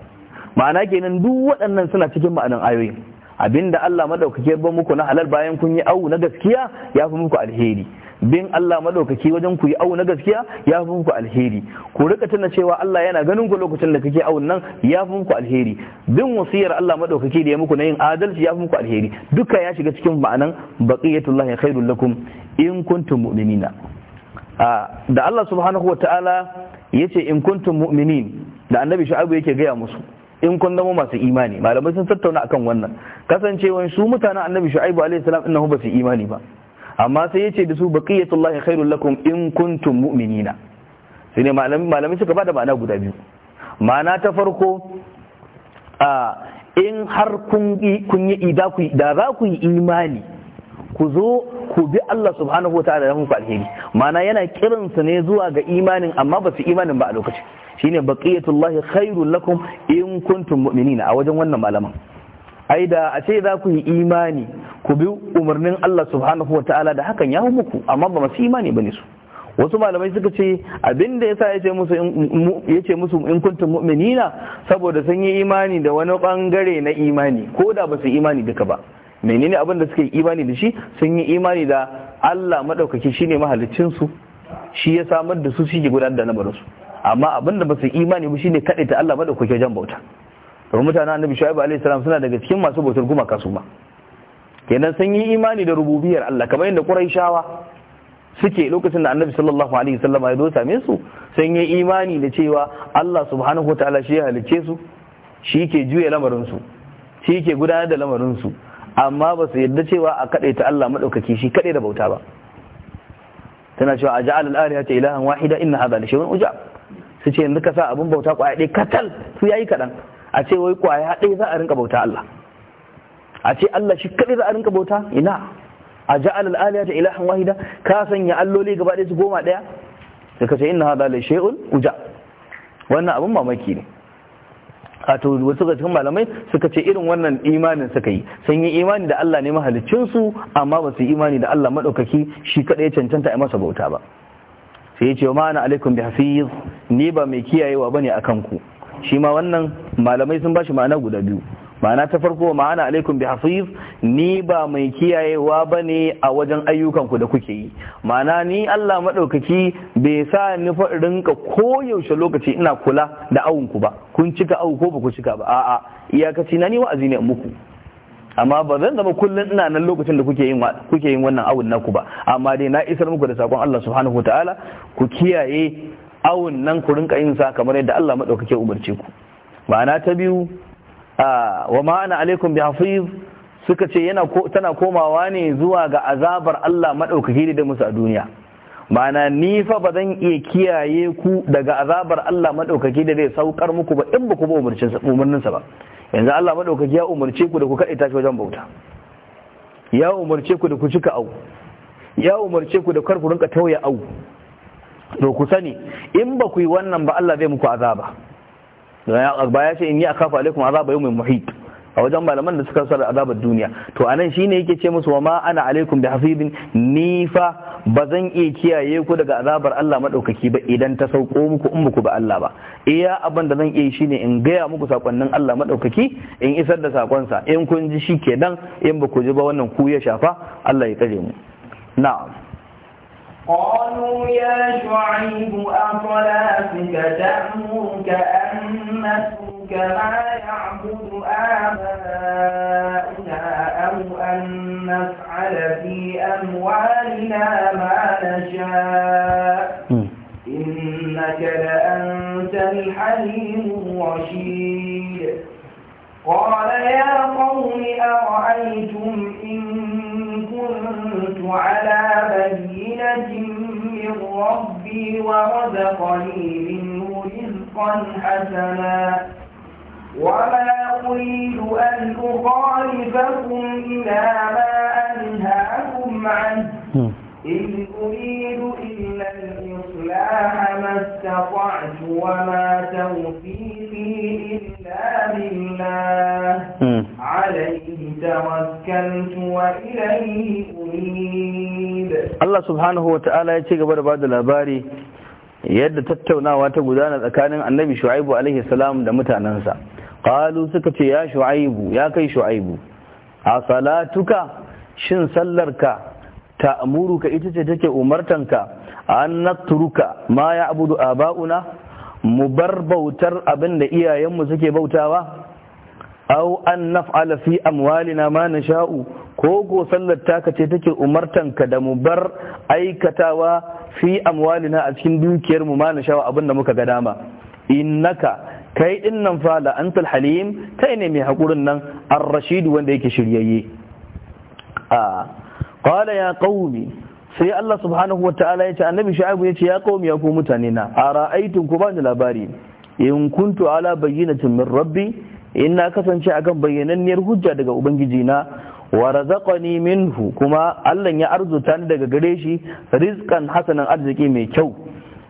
ma'ana kenan duk waɗannan suna cikin ma'anan ayoyin abinda Allah madaukake ba muku na halal bayan kun yi awu na gaskiya ya fi muku alheri bin Allah madaukaki wajen ku yi awu na gaskiya ya fi muku alheri ku rika tana cewa Allah yana ganin ku lokacin da kake awun nan ya fi muku alheri bin wasiyar Allah madaukaki da ya muku na yin adalci ya fi muku alheri duka ya shiga cikin ma'anan baqiyatullahi khairul lakum in kuntum mu'minina da Allah subhanahu wa ta'ala yace in kuntum mu'minin da annabi Shu'aibu yake gaya musu in kun zama masu imani malamai sun tattauna akan wannan kasancewan su mutanen annabi shu'aibu alaihi salam innahu ba su imani ba amma sai yace da su baqiyatullahi khairul lakum in kuntum mu'minina sai ne malamai suka bada ma'ana guda biyu ma'ana ta farko a in har kun yi da za ku yi imani ku zo ku bi Allah subhanahu wataala da muku alheri ma'ana yana kiransa ne zuwa ga imanin amma ba su imanin ba a ya shine baqiyatullahi khairul lakum in kuntum mu'minina a wajen wannan malaman ai da a ce za ku yi imani ku bi umarnin Allah subhanahu wataala da hakan ya muku amma ba masu imani bane su wasu malamai suka ce abinda yasa yace musu yace musu in kuntum mu'minina saboda sun yi imani da wani bangare na imani ko da ba su imani duka ba menene abin da suka yi imani da shi sun yi imani da Allah madaukaki shine mahalicin su shi ya samar da su shi ke gudanar da lamarin su amma abin da ba su imani ba shine kadai ta Allah madaukaki wajen bauta to mutanen annabi shu'aib alaihi salam suna daga cikin masu bautar gumaka su ma kenan sun yi imani da rububiyar Allah kamar yadda quraishawa suke lokacin da annabi sallallahu alaihi wasallam ya zo same su sun yi imani da cewa Allah subhanahu wataala shi ya halicce su shi ke juya lamarin su shi ke gudanar da lamarin su amma ba su yarda cewa a kaɗai ta Allah maɗaukaki shi kaɗai da bauta ba tana cewa a ja'al al'ariya ta ilahan wahida inna hadha da shay'un uja su ce yanzu ka sa abin bauta kwaya ɗaya katal su yayi kaɗan a ce wai kwaya ɗaya za a rinka bauta Allah a ce Allah shi kaɗai za a rinka bauta ina a ja'al al'ariya ta ilahan wahida ka sanya alloli gaba ɗaya su goma ɗaya sai ka ce inna hadha uja wannan abin mamaki ne wato wasu daga cikin malamai suka ce irin wannan imanin suka yi sun yi imani da Allah ne mahalicin su amma ba su yi imani da Allah madaukaki shi kadai cancanta a masa bauta ba sai ya ce ma ana alaikum bi hafiz ni ba mai kiyayewa bane akan ku shi ma wannan malamai sun bashi ma'ana guda biyu ma'ana ta farko ma'ana alaikum bi hafiz ni ba mai kiyayewa bane a wajen ayyukan ku da kuke yi ma'ana ni Allah maɗaukaki bai sa ni rinka koyaushe lokaci ina kula da awun ba kun cika awu ko ba ku cika ba a'a iyakaci na ni wa'azi ne muku amma ba zan zama kullum ina nan lokacin da kuke yin kuke yin wannan awun naku ba amma dai na isar muku da sakon Allah subhanahu wataala ku kiyaye awun nan ku rinka yin sa kamar yadda Allah ya umarce ku ma'ana ta biyu Ah, wa ma'ana alaikum bi hafiz suka ce yana tana komawa ne zuwa ga azabar Allah madaukaki da musu a duniya ma'ana ni fa ba zan iya kiyaye ku daga azabar Allah madaukaki da zai saukar muku ba in ba ku ba umarnin sa ba yanzu Allah madaukaki ya umarce ku da ku kaɗe tashi wajen bauta ya umarce ku da ku cika au ya umarce ku da kar ku rinka tauya au to ku sani in ba ku yi wannan ba Allah zai muku azaba ba ya ce in yi akafa alaikum azaba mai muhit a wajen malaman da suka sa da azabar duniya to a anan shine yake ce musu wa ma ana alaikum bi hafidin nifa ba zan iya kiyaye ku daga azabar Allah madaukaki ba idan ta sauko muku in muku ba Allah ba iya abin da zan iya shine in gaya muku sakonnin Allah madaukaki in isar da sakonsa in kun ji shi shikenan in ba ku ji ba wannan ku ya shafa Allah ya kare mu na'am قالوا يا شعيب أصلاتك تأمرك أن نترك ما يعبد آباؤنا أو أن نفعل في أموالنا ما نشاء إنك لأنت الحليم الرشيد قال يا قوم أرأيتم إن كنت على بينة من ربي ورزقني منه رزقا حسنا وما أريد أن أخالفكم إلى ما أنهاكم عنه نعم. إن أريد إلا الإنسان الله ما استطعت وما توفيقي إلا بالله عليه توكلت وإليه أريد الله سبحانه وتعالى يتيق بعد الأباري yadda tattaunawa ta gudana tsakanin annabi shu'aibu alaihi salam da mutanensa qalu suka ce ya shu'aibu ya kai shu'aibu a salatuka shin sallarka ta ka ita ce take umartanka an natruka ma ya abudu ba'una? mu bar bautar abinda iyayenmu suke bautawa au an naf'ala fi amwalina ma nasha'u ko ko sallar taka ce take umartanka da mu bar aikatawa fi amwalina a cikin dukiyarmu ma nasha'u abin da muka ga dama innaka kai din nan fa la antal halim kai ne mai hakurin nan ar-rashid wanda yake shiryayye a ah, qala ya qaumi sai Allah subhanahu wa ta'ala ya ce annabi shu'aibu ya ce ya qaumi ya ku mutane na ara'aytum ku bani labari in kuntu ala bayyinatin min rabbi inna kasance akan bayyananniyar hujja daga ubangiji na wa razaqani minhu kuma Allah ya arzuta ni daga gare shi rizqan hasanan arziki mai kyau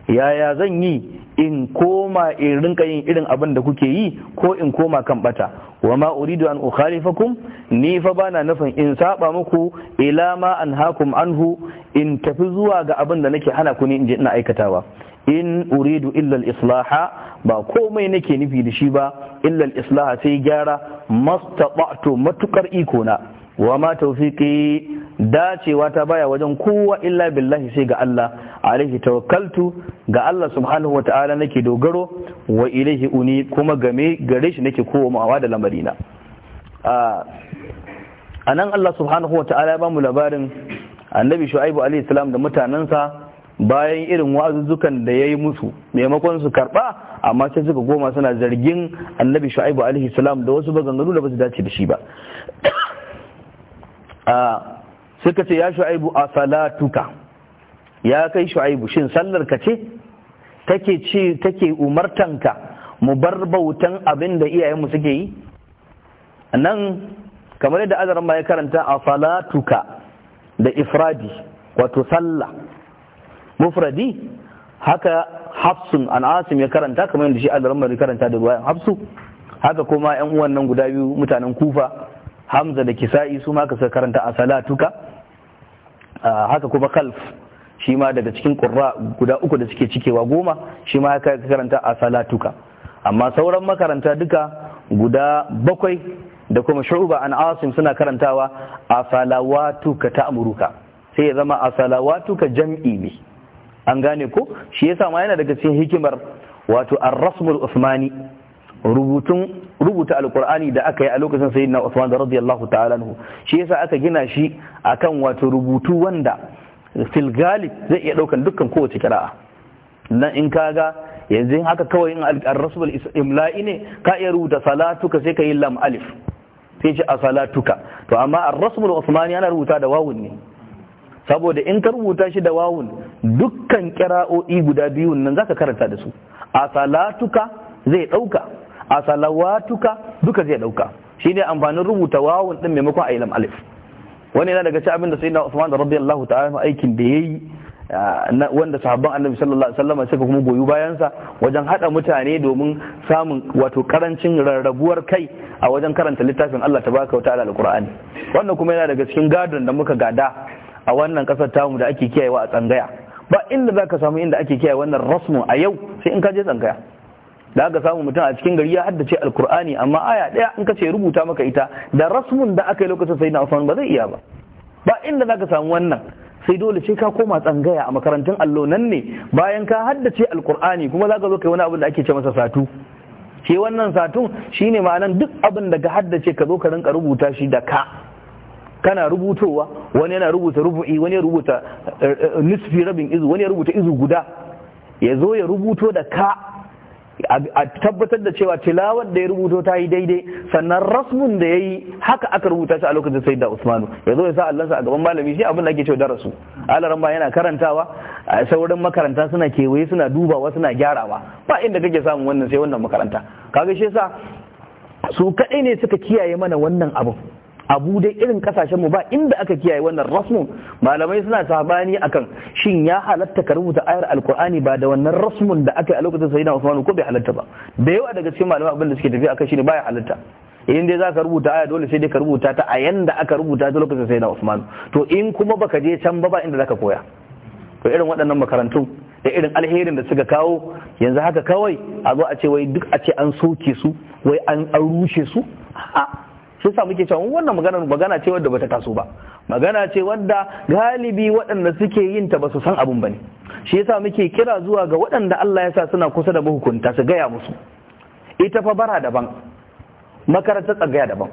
yaya zan yi in koma in rinka yin irin abin da kuke yi ko in koma kan bata wa ma uridu an ukhalifakum ni fa bana nufin in saba muku ila ma anhaakum anhu in tafi zuwa ga abin da nake hana ku ne in je ina aikatawa in uridu illa al-islaha ba komai nake nufi da shi ba illa al-islaha sai gyara mastata'tu matukar iko na wa ma tawfiqi dacewa ta baya wajen kowa illa billahi sai ga Allah alaihi tawakkaltu ga Allah subhanahu wa ta'ala nake dogaro wa ilaihi uni kuma game gare shi nake kowa ma'awa da lamarina a nan Allah subhanahu wa ta'ala ya bamu labarin annabi shu'aibu alaihi salam da mutanansa bayan irin wa'azuzzukan da ya yi musu maimakon su karba amma sai suka goma suna zargin annabi shu'aibu alaihi salam da wasu baganganu da ba su dace da shi ba <coughs> suka ce ya shu'aibu a salatuka ya kai shu'aibu shin sallar ka ce take ce take umartanka mu bar bautan abin da iyayenmu suke yi nan kamar yadda ma ya karanta a salatuka da ifradi wato sallah mufradi haka hafsun an asim ya karanta kamar yadda shi azarin ya karanta da ruwayan hafsu haka kuma yan uwan nan guda biyu mutanen kufa hamza da kisa'i su ma ka karanta a salatuka Ah, haka kuma kalf shi ma daga cikin ƙurra guda uku da suke cikewa goma shi ma haka karanta a salatuka amma sauran makaranta duka guda bakwai da kuma shu'uba an asim suna karantawa a salawatuka ta amuruka sai ya zama a salawatuka jam'i ne an gane ko shi yasa ma yana daga cikin hikimar wato ar-rasmul usmani rubutun rubuta alkur'ani da aka yi a lokacin sayyidina Usman da radiyallahu ta'ala anhu shi yasa aka gina shi akan wato rubutu wanda fil galib zai iya daukan dukkan kowace kira'a nan in kaga yanzu haka kawai in al rasul imla'i ne ka iya rubuta salatuka sai ka yi lam alif sai ce a salatuka to amma ar-rasul usmani ana rubuta da wawun ne saboda in ka rubuta shi da wawun dukkan kira'o'i guda biyu nan zaka karanta da su a salatuka zai dauka a salawatuka duka zai dauka ne amfanin rubuta wawun din maimakon a ilam alif wani yana daga cikin abin da sayyidina Usman radiyallahu ta'ala aikin da yayi wanda sahabban annabi sallallahu alaihi wasallam suka kuma goyi bayansa wajen hada mutane domin samun wato karancin rarrabuwar kai a wajen karanta littafin Allah tabaraka wa ta'ala alqur'ani wannan kuma yana daga cikin gadon da muka gada a wannan kasar tamu da ake kiyayewa a tsangaya ba inda zaka samu inda ake kiyaye wannan rasmu a yau sai in ka je tsangaya da aka samu mutum a cikin gari ya haddace alkur'ani amma aya ɗaya in ka ce rubuta maka ita da rasmun da aka yi lokacin sai na Usman ba zai iya ba ba inda ka samu wannan sai dole ce ka koma tsangaya a makarantun allo nan ne bayan ka haddace alkur'ani kuma za ka zo kai wani abin da ake ce masa satu Ke wannan satun shine ma'anan duk abin da ka haddace ka zo ka rinka rubuta shi da ka kana rubutowa wani yana rubuta rubu'i wani ya rubuta eh, eh, nisfi rabin izu wani ya rubuta izu guda ya zo ya rubuto da ka a tabbatar da cewa tilawar da ya rubuto ta yi daidai sannan rasmun da ya yi haka aka rubuta shi a lokacin sai da usmanu ya zo ya sa allansa a gaban malami shi abin ake cewa darasu alaran ba yana karantawa a sauran makaranta suna kewaye suna dubawa suna gyarawa ba inda kake samun wannan sai wannan makaranta kaga shi sa su kaɗai ne suka kiyaye mana wannan abin abu dai irin kasashen mu ba inda aka kiyaye wannan rasmun malamai suna sabani akan shin ya halatta ka rubuta ayar alkur'ani ba da wannan rasmun da aka yi a lokacin sayyidina usman ko bai halatta ba da yawa daga cikin malamai abin da suke tafi akan shine baya halatta in dai za ka rubuta aya dole sai dai ka rubuta ta a yanda aka rubuta ta lokacin sayyidina usman to in kuma baka je can ba ba inda zaka koya to irin waɗannan makarantun da irin alherin da suka kawo yanzu haka kawai a zo a ce wai duk a ce an soke su wai an rushe su a'a shi sa muke cewa wannan magana magana ce wadda bata taso ba magana ce wadda galibi waɗanda suke yin ta ba su san abun bane shi yasa muke kira zuwa ga waɗanda Allah ya sa suna kusa da mahukunta su gaya musu ita fa bara daban makarantar tsangaya daban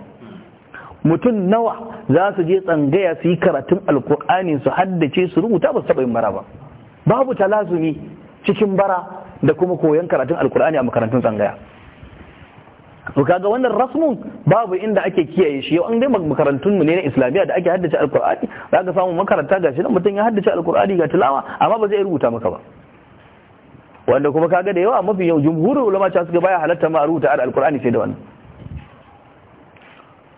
mutum nawa za su je tsangaya su yi karatun alkur'ani su haddace su rubuta ba su taɓa yin bara ba babu talazumi cikin bara da kuma koyon karatun alkur'ani a makarantun tsangaya to kaga wannan rasmun babu inda ake kiyaye shi yau an dai makarantun mu ne na islamiyya da ake haddace alqur'ani za ka samu makaranta gashi nan mutum ya haddace alqur'ani ga tilawa amma ba zai rubuta maka ba wanda kuma kaga da yawa mafi yau jumhurin ulama ta suka baya halatta ma rubuta alqur'ani sai da wannan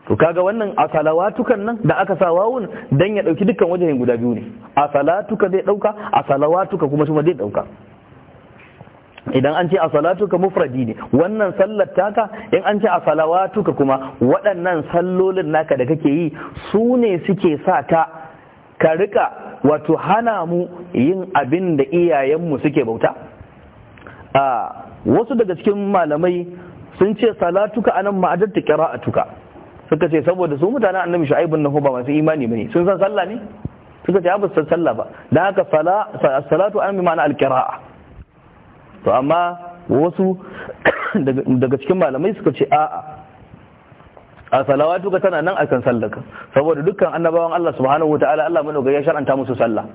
to kaga wannan asalawatukan nan da aka sa wawun dan ya dauki dukkan wajen guda biyu ne asalatuka zai dauka asalawatuka kuma shi zai dauka idan an ce a salatuka mufradi ne wannan sallar taka in an ce a salawatuka kuma waɗannan sallolin naka da kake yi su ne suke sa ka ka rika wato hana mu yin abin da iyayenmu suke bauta a wasu daga cikin malamai sun ce salatuka anan ma'adatta qira'atuka suka ce saboda su mutanen annabi shu'aibun na ba masu imani bane sun san sallah ne suka ce ba san sallah ba dan haka salatu an bi ma'ana al to amma wasu <coughs> daga cikin malamai suka ce a'a a salawatu ka tana nan akan sallaka saboda dukkan annabawan Allah subhanahu wataala Allah madaugari ya shar'anta musu sallah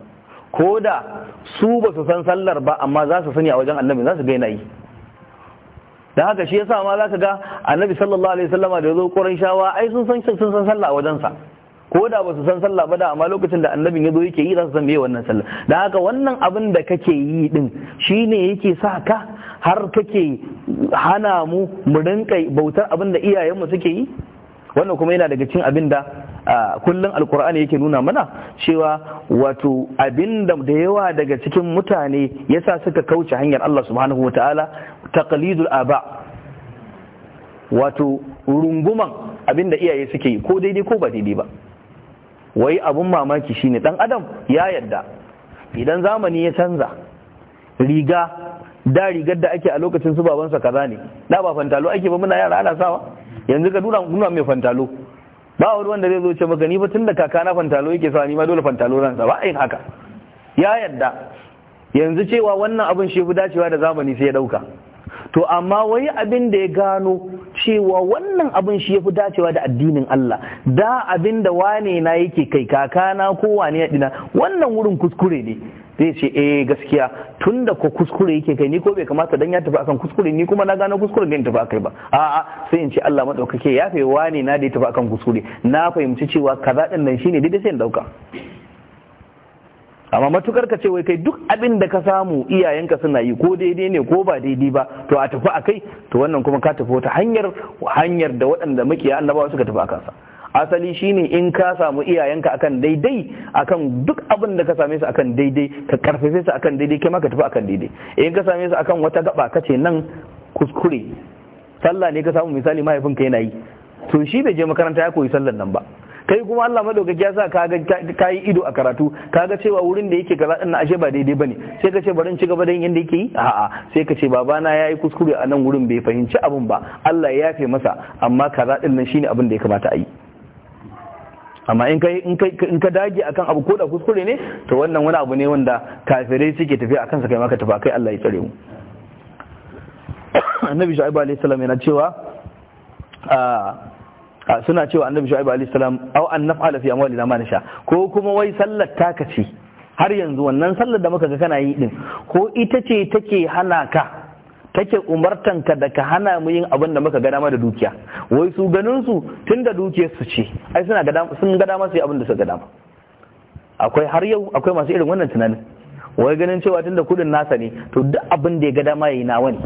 ko da su ba su san sallar ba amma za su sani a wajen annabi za su ga yi da haka shi yasa ma za ka ga annabi sallallahu alaihi wasallama da yazo Qurayshawa ai sun san sun san sallah a wajensa ko da ba su san sallah ba da amma lokacin da annabin ya zo yake yi za su san me wannan sallah da haka wannan abin da kake yi din shine yake sa ka har kake hana mu mu rinka bautar abin da iyayenmu suke yi wannan kuma yana daga cikin abin da kullum alkur'ani yake nuna mana cewa wato abin da yawa daga cikin mutane yasa suka kauce hanyar Allah subhanahu wata'ala ta'ala taqlidul aba wato runguman abinda iyaye suke yi ko daidai ko ba daidai ba wai abun mamaki shine dan adam ya yadda idan zamani ya canza riga da rigar da ake a lokacin su babansa kaza ne da ba fantalo ake ba muna yara ana sawa yanzu ka nuna mai fantalo ba wani wanda zai zo ce maka ni ba tunda kakana fantalo yake sawa ni ma dole fantalo sa ba ai haka ya yadda yanzu cewa wannan abin shi fi dacewa da zamani sai ya dauka to amma wai abin da ya gano cewa wannan abin shi ya fi dacewa da addinin Allah da abin da wane na yake kai kakana ko wane ya dina wannan wurin kuskure ne zai ce eh gaskiya tunda ko kuskure yake kai ni ko bai kamata dan ya tafi akan kuskure ni kuma na gano kuskure ne tafi akai ba a'a sai in ce Allah madaukake ya fi wane na da ya tafi akan kuskure na fahimci cewa kaza din nan shine daidai sai in dauka amma matukar ka ce wai kai duk abin da ka samu iyayenka suna yi ko daidai ne ko ba daidai ba to a tafi a kai to wannan kuma ka tafi wata hanyar hanyar da waɗanda makiya annabawa suka tafi a kansa asali shine in ka samu iyayenka akan daidai akan duk abin da ka same su akan daidai ka karfafe su akan daidai kai ma ka tafi akan daidai in ka same su akan wata gaba ka ce nan kuskure sallah ne ka samu misali mahaifinka yana yi to shi bai je makaranta ya koyi sallar nan ba kai kuma Allah madaukaki ya sa ka yi ido a karatu Ka ga cewa wurin da yake kaza na ashe ba daidai bane sai ka ce bari in ci gaba da yin yanda yake yi a'a sai ka ce babana yayi kuskure a nan wurin bai fahimci abin ba Allah ya yafe masa amma kaza din nan shine abin da ya kamata a yi amma in kai in ka dage akan abu ko da kuskure ne to wannan wani abu ne wanda kafirai suke tafi akan sa kai maka tafi kai Allah ya tsare mu <coughs> annabi shu'aib alayhi salam yana cewa ah, suna cewa annabi shu'aib alayhi salam aw an naf'ala fi amwalina ma nasha ko kuma wai sallar taka ce har yanzu wannan sallar da muka ga kana yi din ko ita ce take hana ka take umartan ka da ka hana mu yin abin da muka ga dama da dukiya wai su ganin su tunda dukiya su ce ai suna ga sun ga dama su yi abin da suka ga dama akwai har yau akwai masu irin wannan tunanin wai ganin cewa tunda kudin nasa ne to duk abin da ya ga dama yayi nawa ne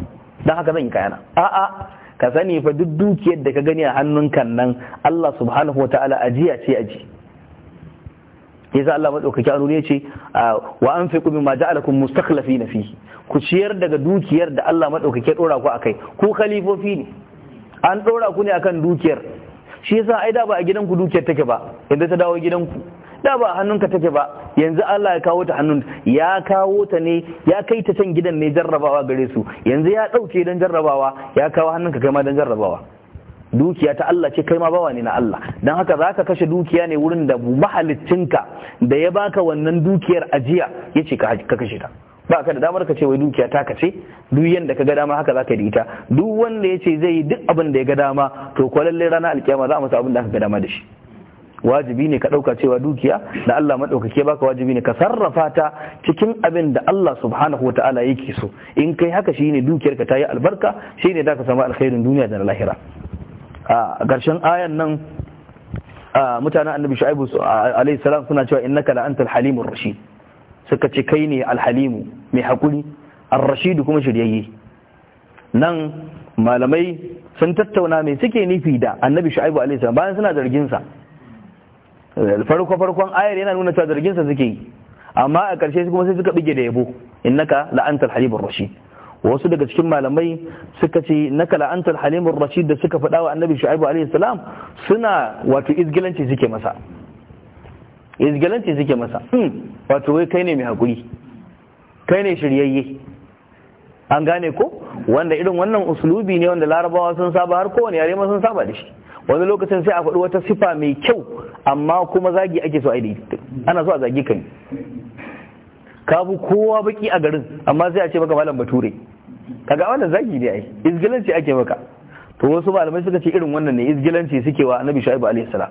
dan haka zan yi kayana a'a ka sani fa duk dukiyar da ka gani a hannunka nan Allah subhanahu wa ta'ala ajiya ce aji yasa Allah madaukaki a ne ce wa anfiqu mimma ja'alakum mustakhlifina fihi ku ciyar daga dukiyar da Allah madaukaki ya dora ku akai ku khalifofi ne an dora ku ne akan dukiyar shi yasa ai da ba a gidan ku dukiyar take ba inda ta dawo gidanku da ba hannunka take ba yanzu Allah ya kawo ta hannun ya kawo ta ne ya kai ta can gidan ne jarrabawa gare su yanzu ya ɗauke dan jarrabawa ya kawo hannunka kai ma don jarrabawa dukiya ta Allah ce kai ma bawa ne na Allah don haka za ka kashe dukiya ne wurin da mahalicinka da ya baka wannan dukiyar ajiya ya ce ka kashe ta ba ka da damar ka ce wai dukiya ta kace duk yanda ka ga dama haka zaka yi ita duk wanda ya ce zai yi duk abin da ya ga dama to ko lalle ranar alkiyama za a masa abin da aka ga dama da shi wajibi ne ka ɗauka cewa dukiya da Allah maɗaukake baka wajibi ne ka sarrafa ta cikin abin da Allah subhanahu wata'ala yake so in kai haka shine dukiyar ka yi albarka shine da ka samu alkhairin duniya da lahira a ƙarshen ayan nan mutanen annabi shu'aibu alayhi salam suna cewa innaka la antal halimur rashid suka ce kai ne alhalimu mai hakuri ar kuma shiryayye nan malamai sun tattauna mai suke nufi da annabi shu'aibu alayhi salam bayan suna zargin sa farko farkon ayar yana nuna cewa zargin sa suke yi amma a ƙarshe kuma sai suka bige da yabo innaka la'antar halimur rashid wasu daga cikin malamai suka ce naka la'antar halimur rashid da suka faɗa wa annabi shu'aibu alaihi salam suna wato izgilanci suke masa izgilanci suke masa hmm, wato wai kai ne mai hakuri kai ne shiryayye an gane ko wanda irin wannan uslubi ne wanda larabawa sun saba har kowane yare ma sun saba da shi wani lokacin sai a faɗi wata sifa mai kyau amma kuma zagi ake so a yi ana so a zagi kan ka fi kowa baki a garin amma sai a ce maka malam bature kaga wannan zagi ne ai izgilanci ake maka to wasu malamai suka ce irin wannan ne izgilanci suke wa annabi shu'aibu alaihi salam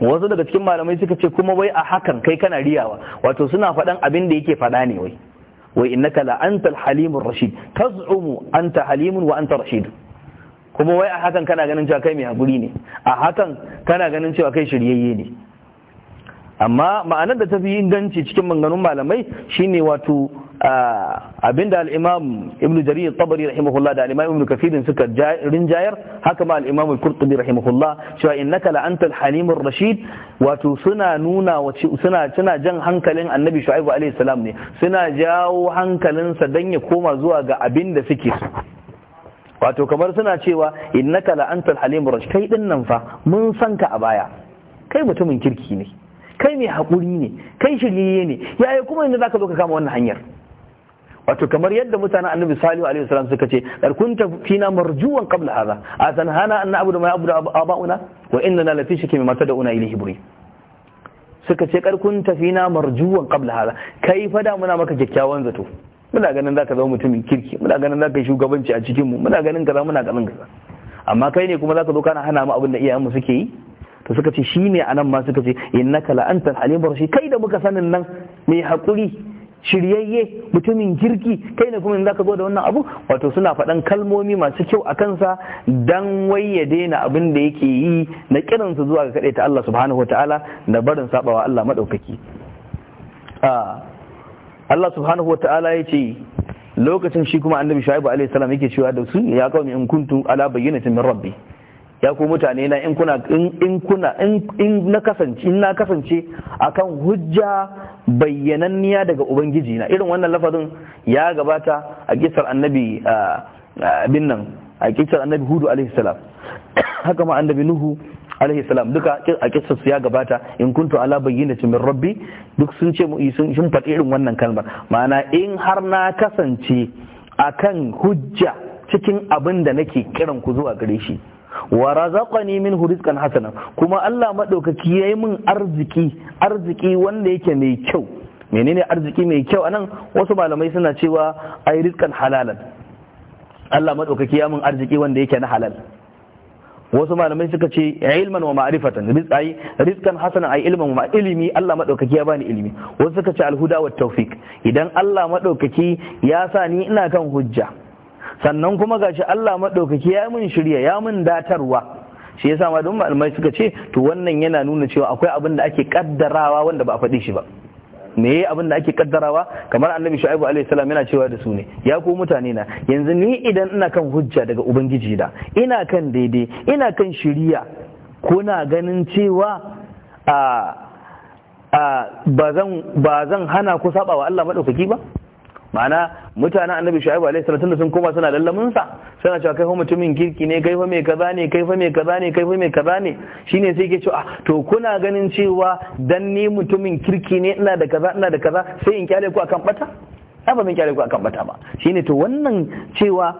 wasu daga cikin malamai suka ce kuma wai a hakan kai kana riyawa wato suna faɗan abin da yake faɗa ne wai wai innaka la antal halimur rashid taz'umu anta halimun wa anta rashid kuma wai a hakan kana ganin cewa kai mai haƙuri ne a hakan kana ganin cewa kai shiryayye ne amma ma'anar da ta fi inganci cikin manganun malamai shine wato abinda al-imam ibn jarir tabari rahimahullah da al-imam ibn suka rinjayar haka ma al-imam al-qurtubi rahimahullah cewa innaka la la'antar rashid wato suna nuna wace suna jan hankalin annabi shu'aib alayhi ne suna jawo hankalinsa dan ya koma zuwa ga abinda da suke so wato kamar suna cewa innaka la'antar antal halimur kai din nan fa mun san ka a baya kai mutumin kirki ne kai mai haƙuri ne kai shirye ne yaya kuma inda zaka zo ka kama wannan hanyar wato kamar yadda mutanen annabi salihu alaihi wasallam suka ce dar kunta fina marjuwan qabla hadha atanhana an na'budu ma ya'budu aba'una wa innana lafi shakki mimma tad'una ilayhi buri suka ce kar kunta fina marjuwan qabla hadha kai fada muna maka kyakkyawan zato muna ganin zaka zama mutumin kirki muna ganin zaka yi shugabanci a cikin mu muna ganin kaza muna ganin kaza amma kai ne kuma zaka zo kana hana mu abin da iyayen mu suke yi to suka ce shine anan ma suka ce innaka la antal halimur rashid kai da muka sanin nan mai hakuri shiryayye mutumin kirki kai ne kuma za zaka zo da wannan abu wato suna faɗan kalmomi masu kyau a kansa dan wai ya daina abin da yake yi na kiransa zuwa ga kaɗai ta Allah subhanahu wataala da barin sabawa Allah madaukaki ah, Allah subhanahu wa ta'ala ya ce lokacin shi kuma annabi shu'aibu alaihi salam yake cewa da su ya kawo in kuntu ala bayyinatin min rabbi ya ku mutane na in kuna in kuna in na kasance in na kasance akan hujja bayyananniya daga ubangiji na irin wannan lafazin ya gabata a kisar annabi bin nan a kisar annabi hudu alaihi salam haka ma annabi nuhu alaihi salam duka a kissa ya gabata in kuntu ala bayyinati min rabbi duk sun ce sun sun faɗi irin wannan kalmar ma'ana in har na kasance akan hujja cikin abin da nake kiran ku zuwa gare shi wa razaqani min rizqan hasana kuma Allah madaukaki yayi min arziki arziki wanda yake mai kyau menene arziki mai kyau anan wasu malamai suna cewa ai rizqan halalan Allah madaukaki ya min arziki wanda yake na halal wasu malamai suka ce ilman wa ma'rifatan rizqai rizqan hasanan ay ilman wa ilimi Allah madaukaki ya bani ilimi wasu suka ce alhuda wa tawfik idan Allah madaukaki ya sa ni ina kan hujja sannan kuma gashi Allah madaukaki ya mun shirya ya mun datarwa shi yasa ma duk malamai suka ce to wannan yana nuna cewa akwai abin da ake kaddarawa wanda ba a faɗi shi ba me abin da ake kaddarawa kamar annabi shu'aibu alaihi salam yana cewa da su ne ya ku mutane na yanzu ni idan ina kan hujja daga ubangiji da ina kan daidai ina kan shiriya kuna ganin cewa a ba zan hana ku saba Allah maɗaukaki ba ma'ana mutanen annabi shu'aibu alaihi salatu da sun koma suna lallamin sa suna cewa kai fa mutumin kirki ne kai fa mai kaza ne kai fa mai kaza ne kai fa mai kaza ne shine sai yake cewa ah, to kuna ganin cewa dan ni mutumin kirki ne ina da kaza ina da kaza sai in kyale ku akan bata ai ba mun kyale ku akan bata ba shine to wannan cewa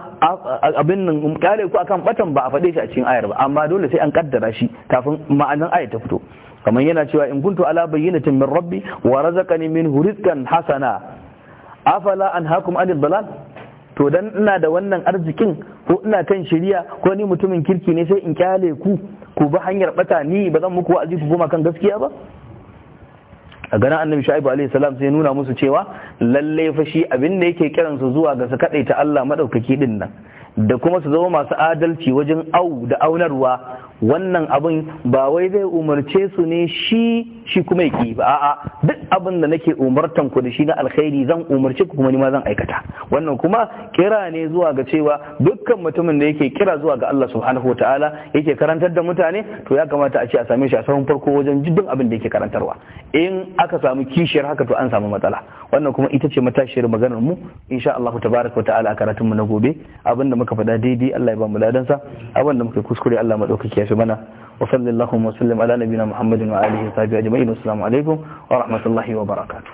abin nan kyale ku akan batan ba a faɗe shi a cikin ayar ba amma dole sai an kaddara shi kafin ma'anan ayar ta fito kamar yana cewa in kuntu ala bayyinatin min rabbi wa razaqani minhu rizqan hasana afala an hakum anil balal to dan ina da wannan arzikin ko ina kan shari'a ko ni mutumin kirki ne sai in kyale ku ku bi hanyar bata ni ba zan muku wa'azi ku goma kan gaskiya ba a ganin annabi shaibu alaihi salam sai nuna musu cewa lalle fa shi abin da yake kiran su zuwa ga su kadaita Allah madaukaki din da kuma su zama masu adalci wajen au da aunarwa wannan abin ba wai zai umarce su ne shi shi kuma yake ba a'a duk abin da nake umartan ku da shi na alkhairi zan umarce ku kuma ni ma zan aikata wannan kuma kira ne zuwa ga cewa dukkan mutumin da yake kira zuwa ga Allah subhanahu wataala yake karantar da mutane to ya kamata a ce a same shi a sahun farko wajen duk abin da yake karantarwa in aka samu kishiyar haka to an samu matsala wannan kuma ita ce matashiyar maganar mu insha Allah tabaraka wataala a karatun mu na gobe abin da muka faɗa daidai Allah ya ba mu ladansa abin da muka kuskure Allah madaukaki ya يكتبنا وصلى اللهم وسلم على نبينا محمد وآله وصحبه أجمعين والسلام عليكم ورحمة الله وبركاته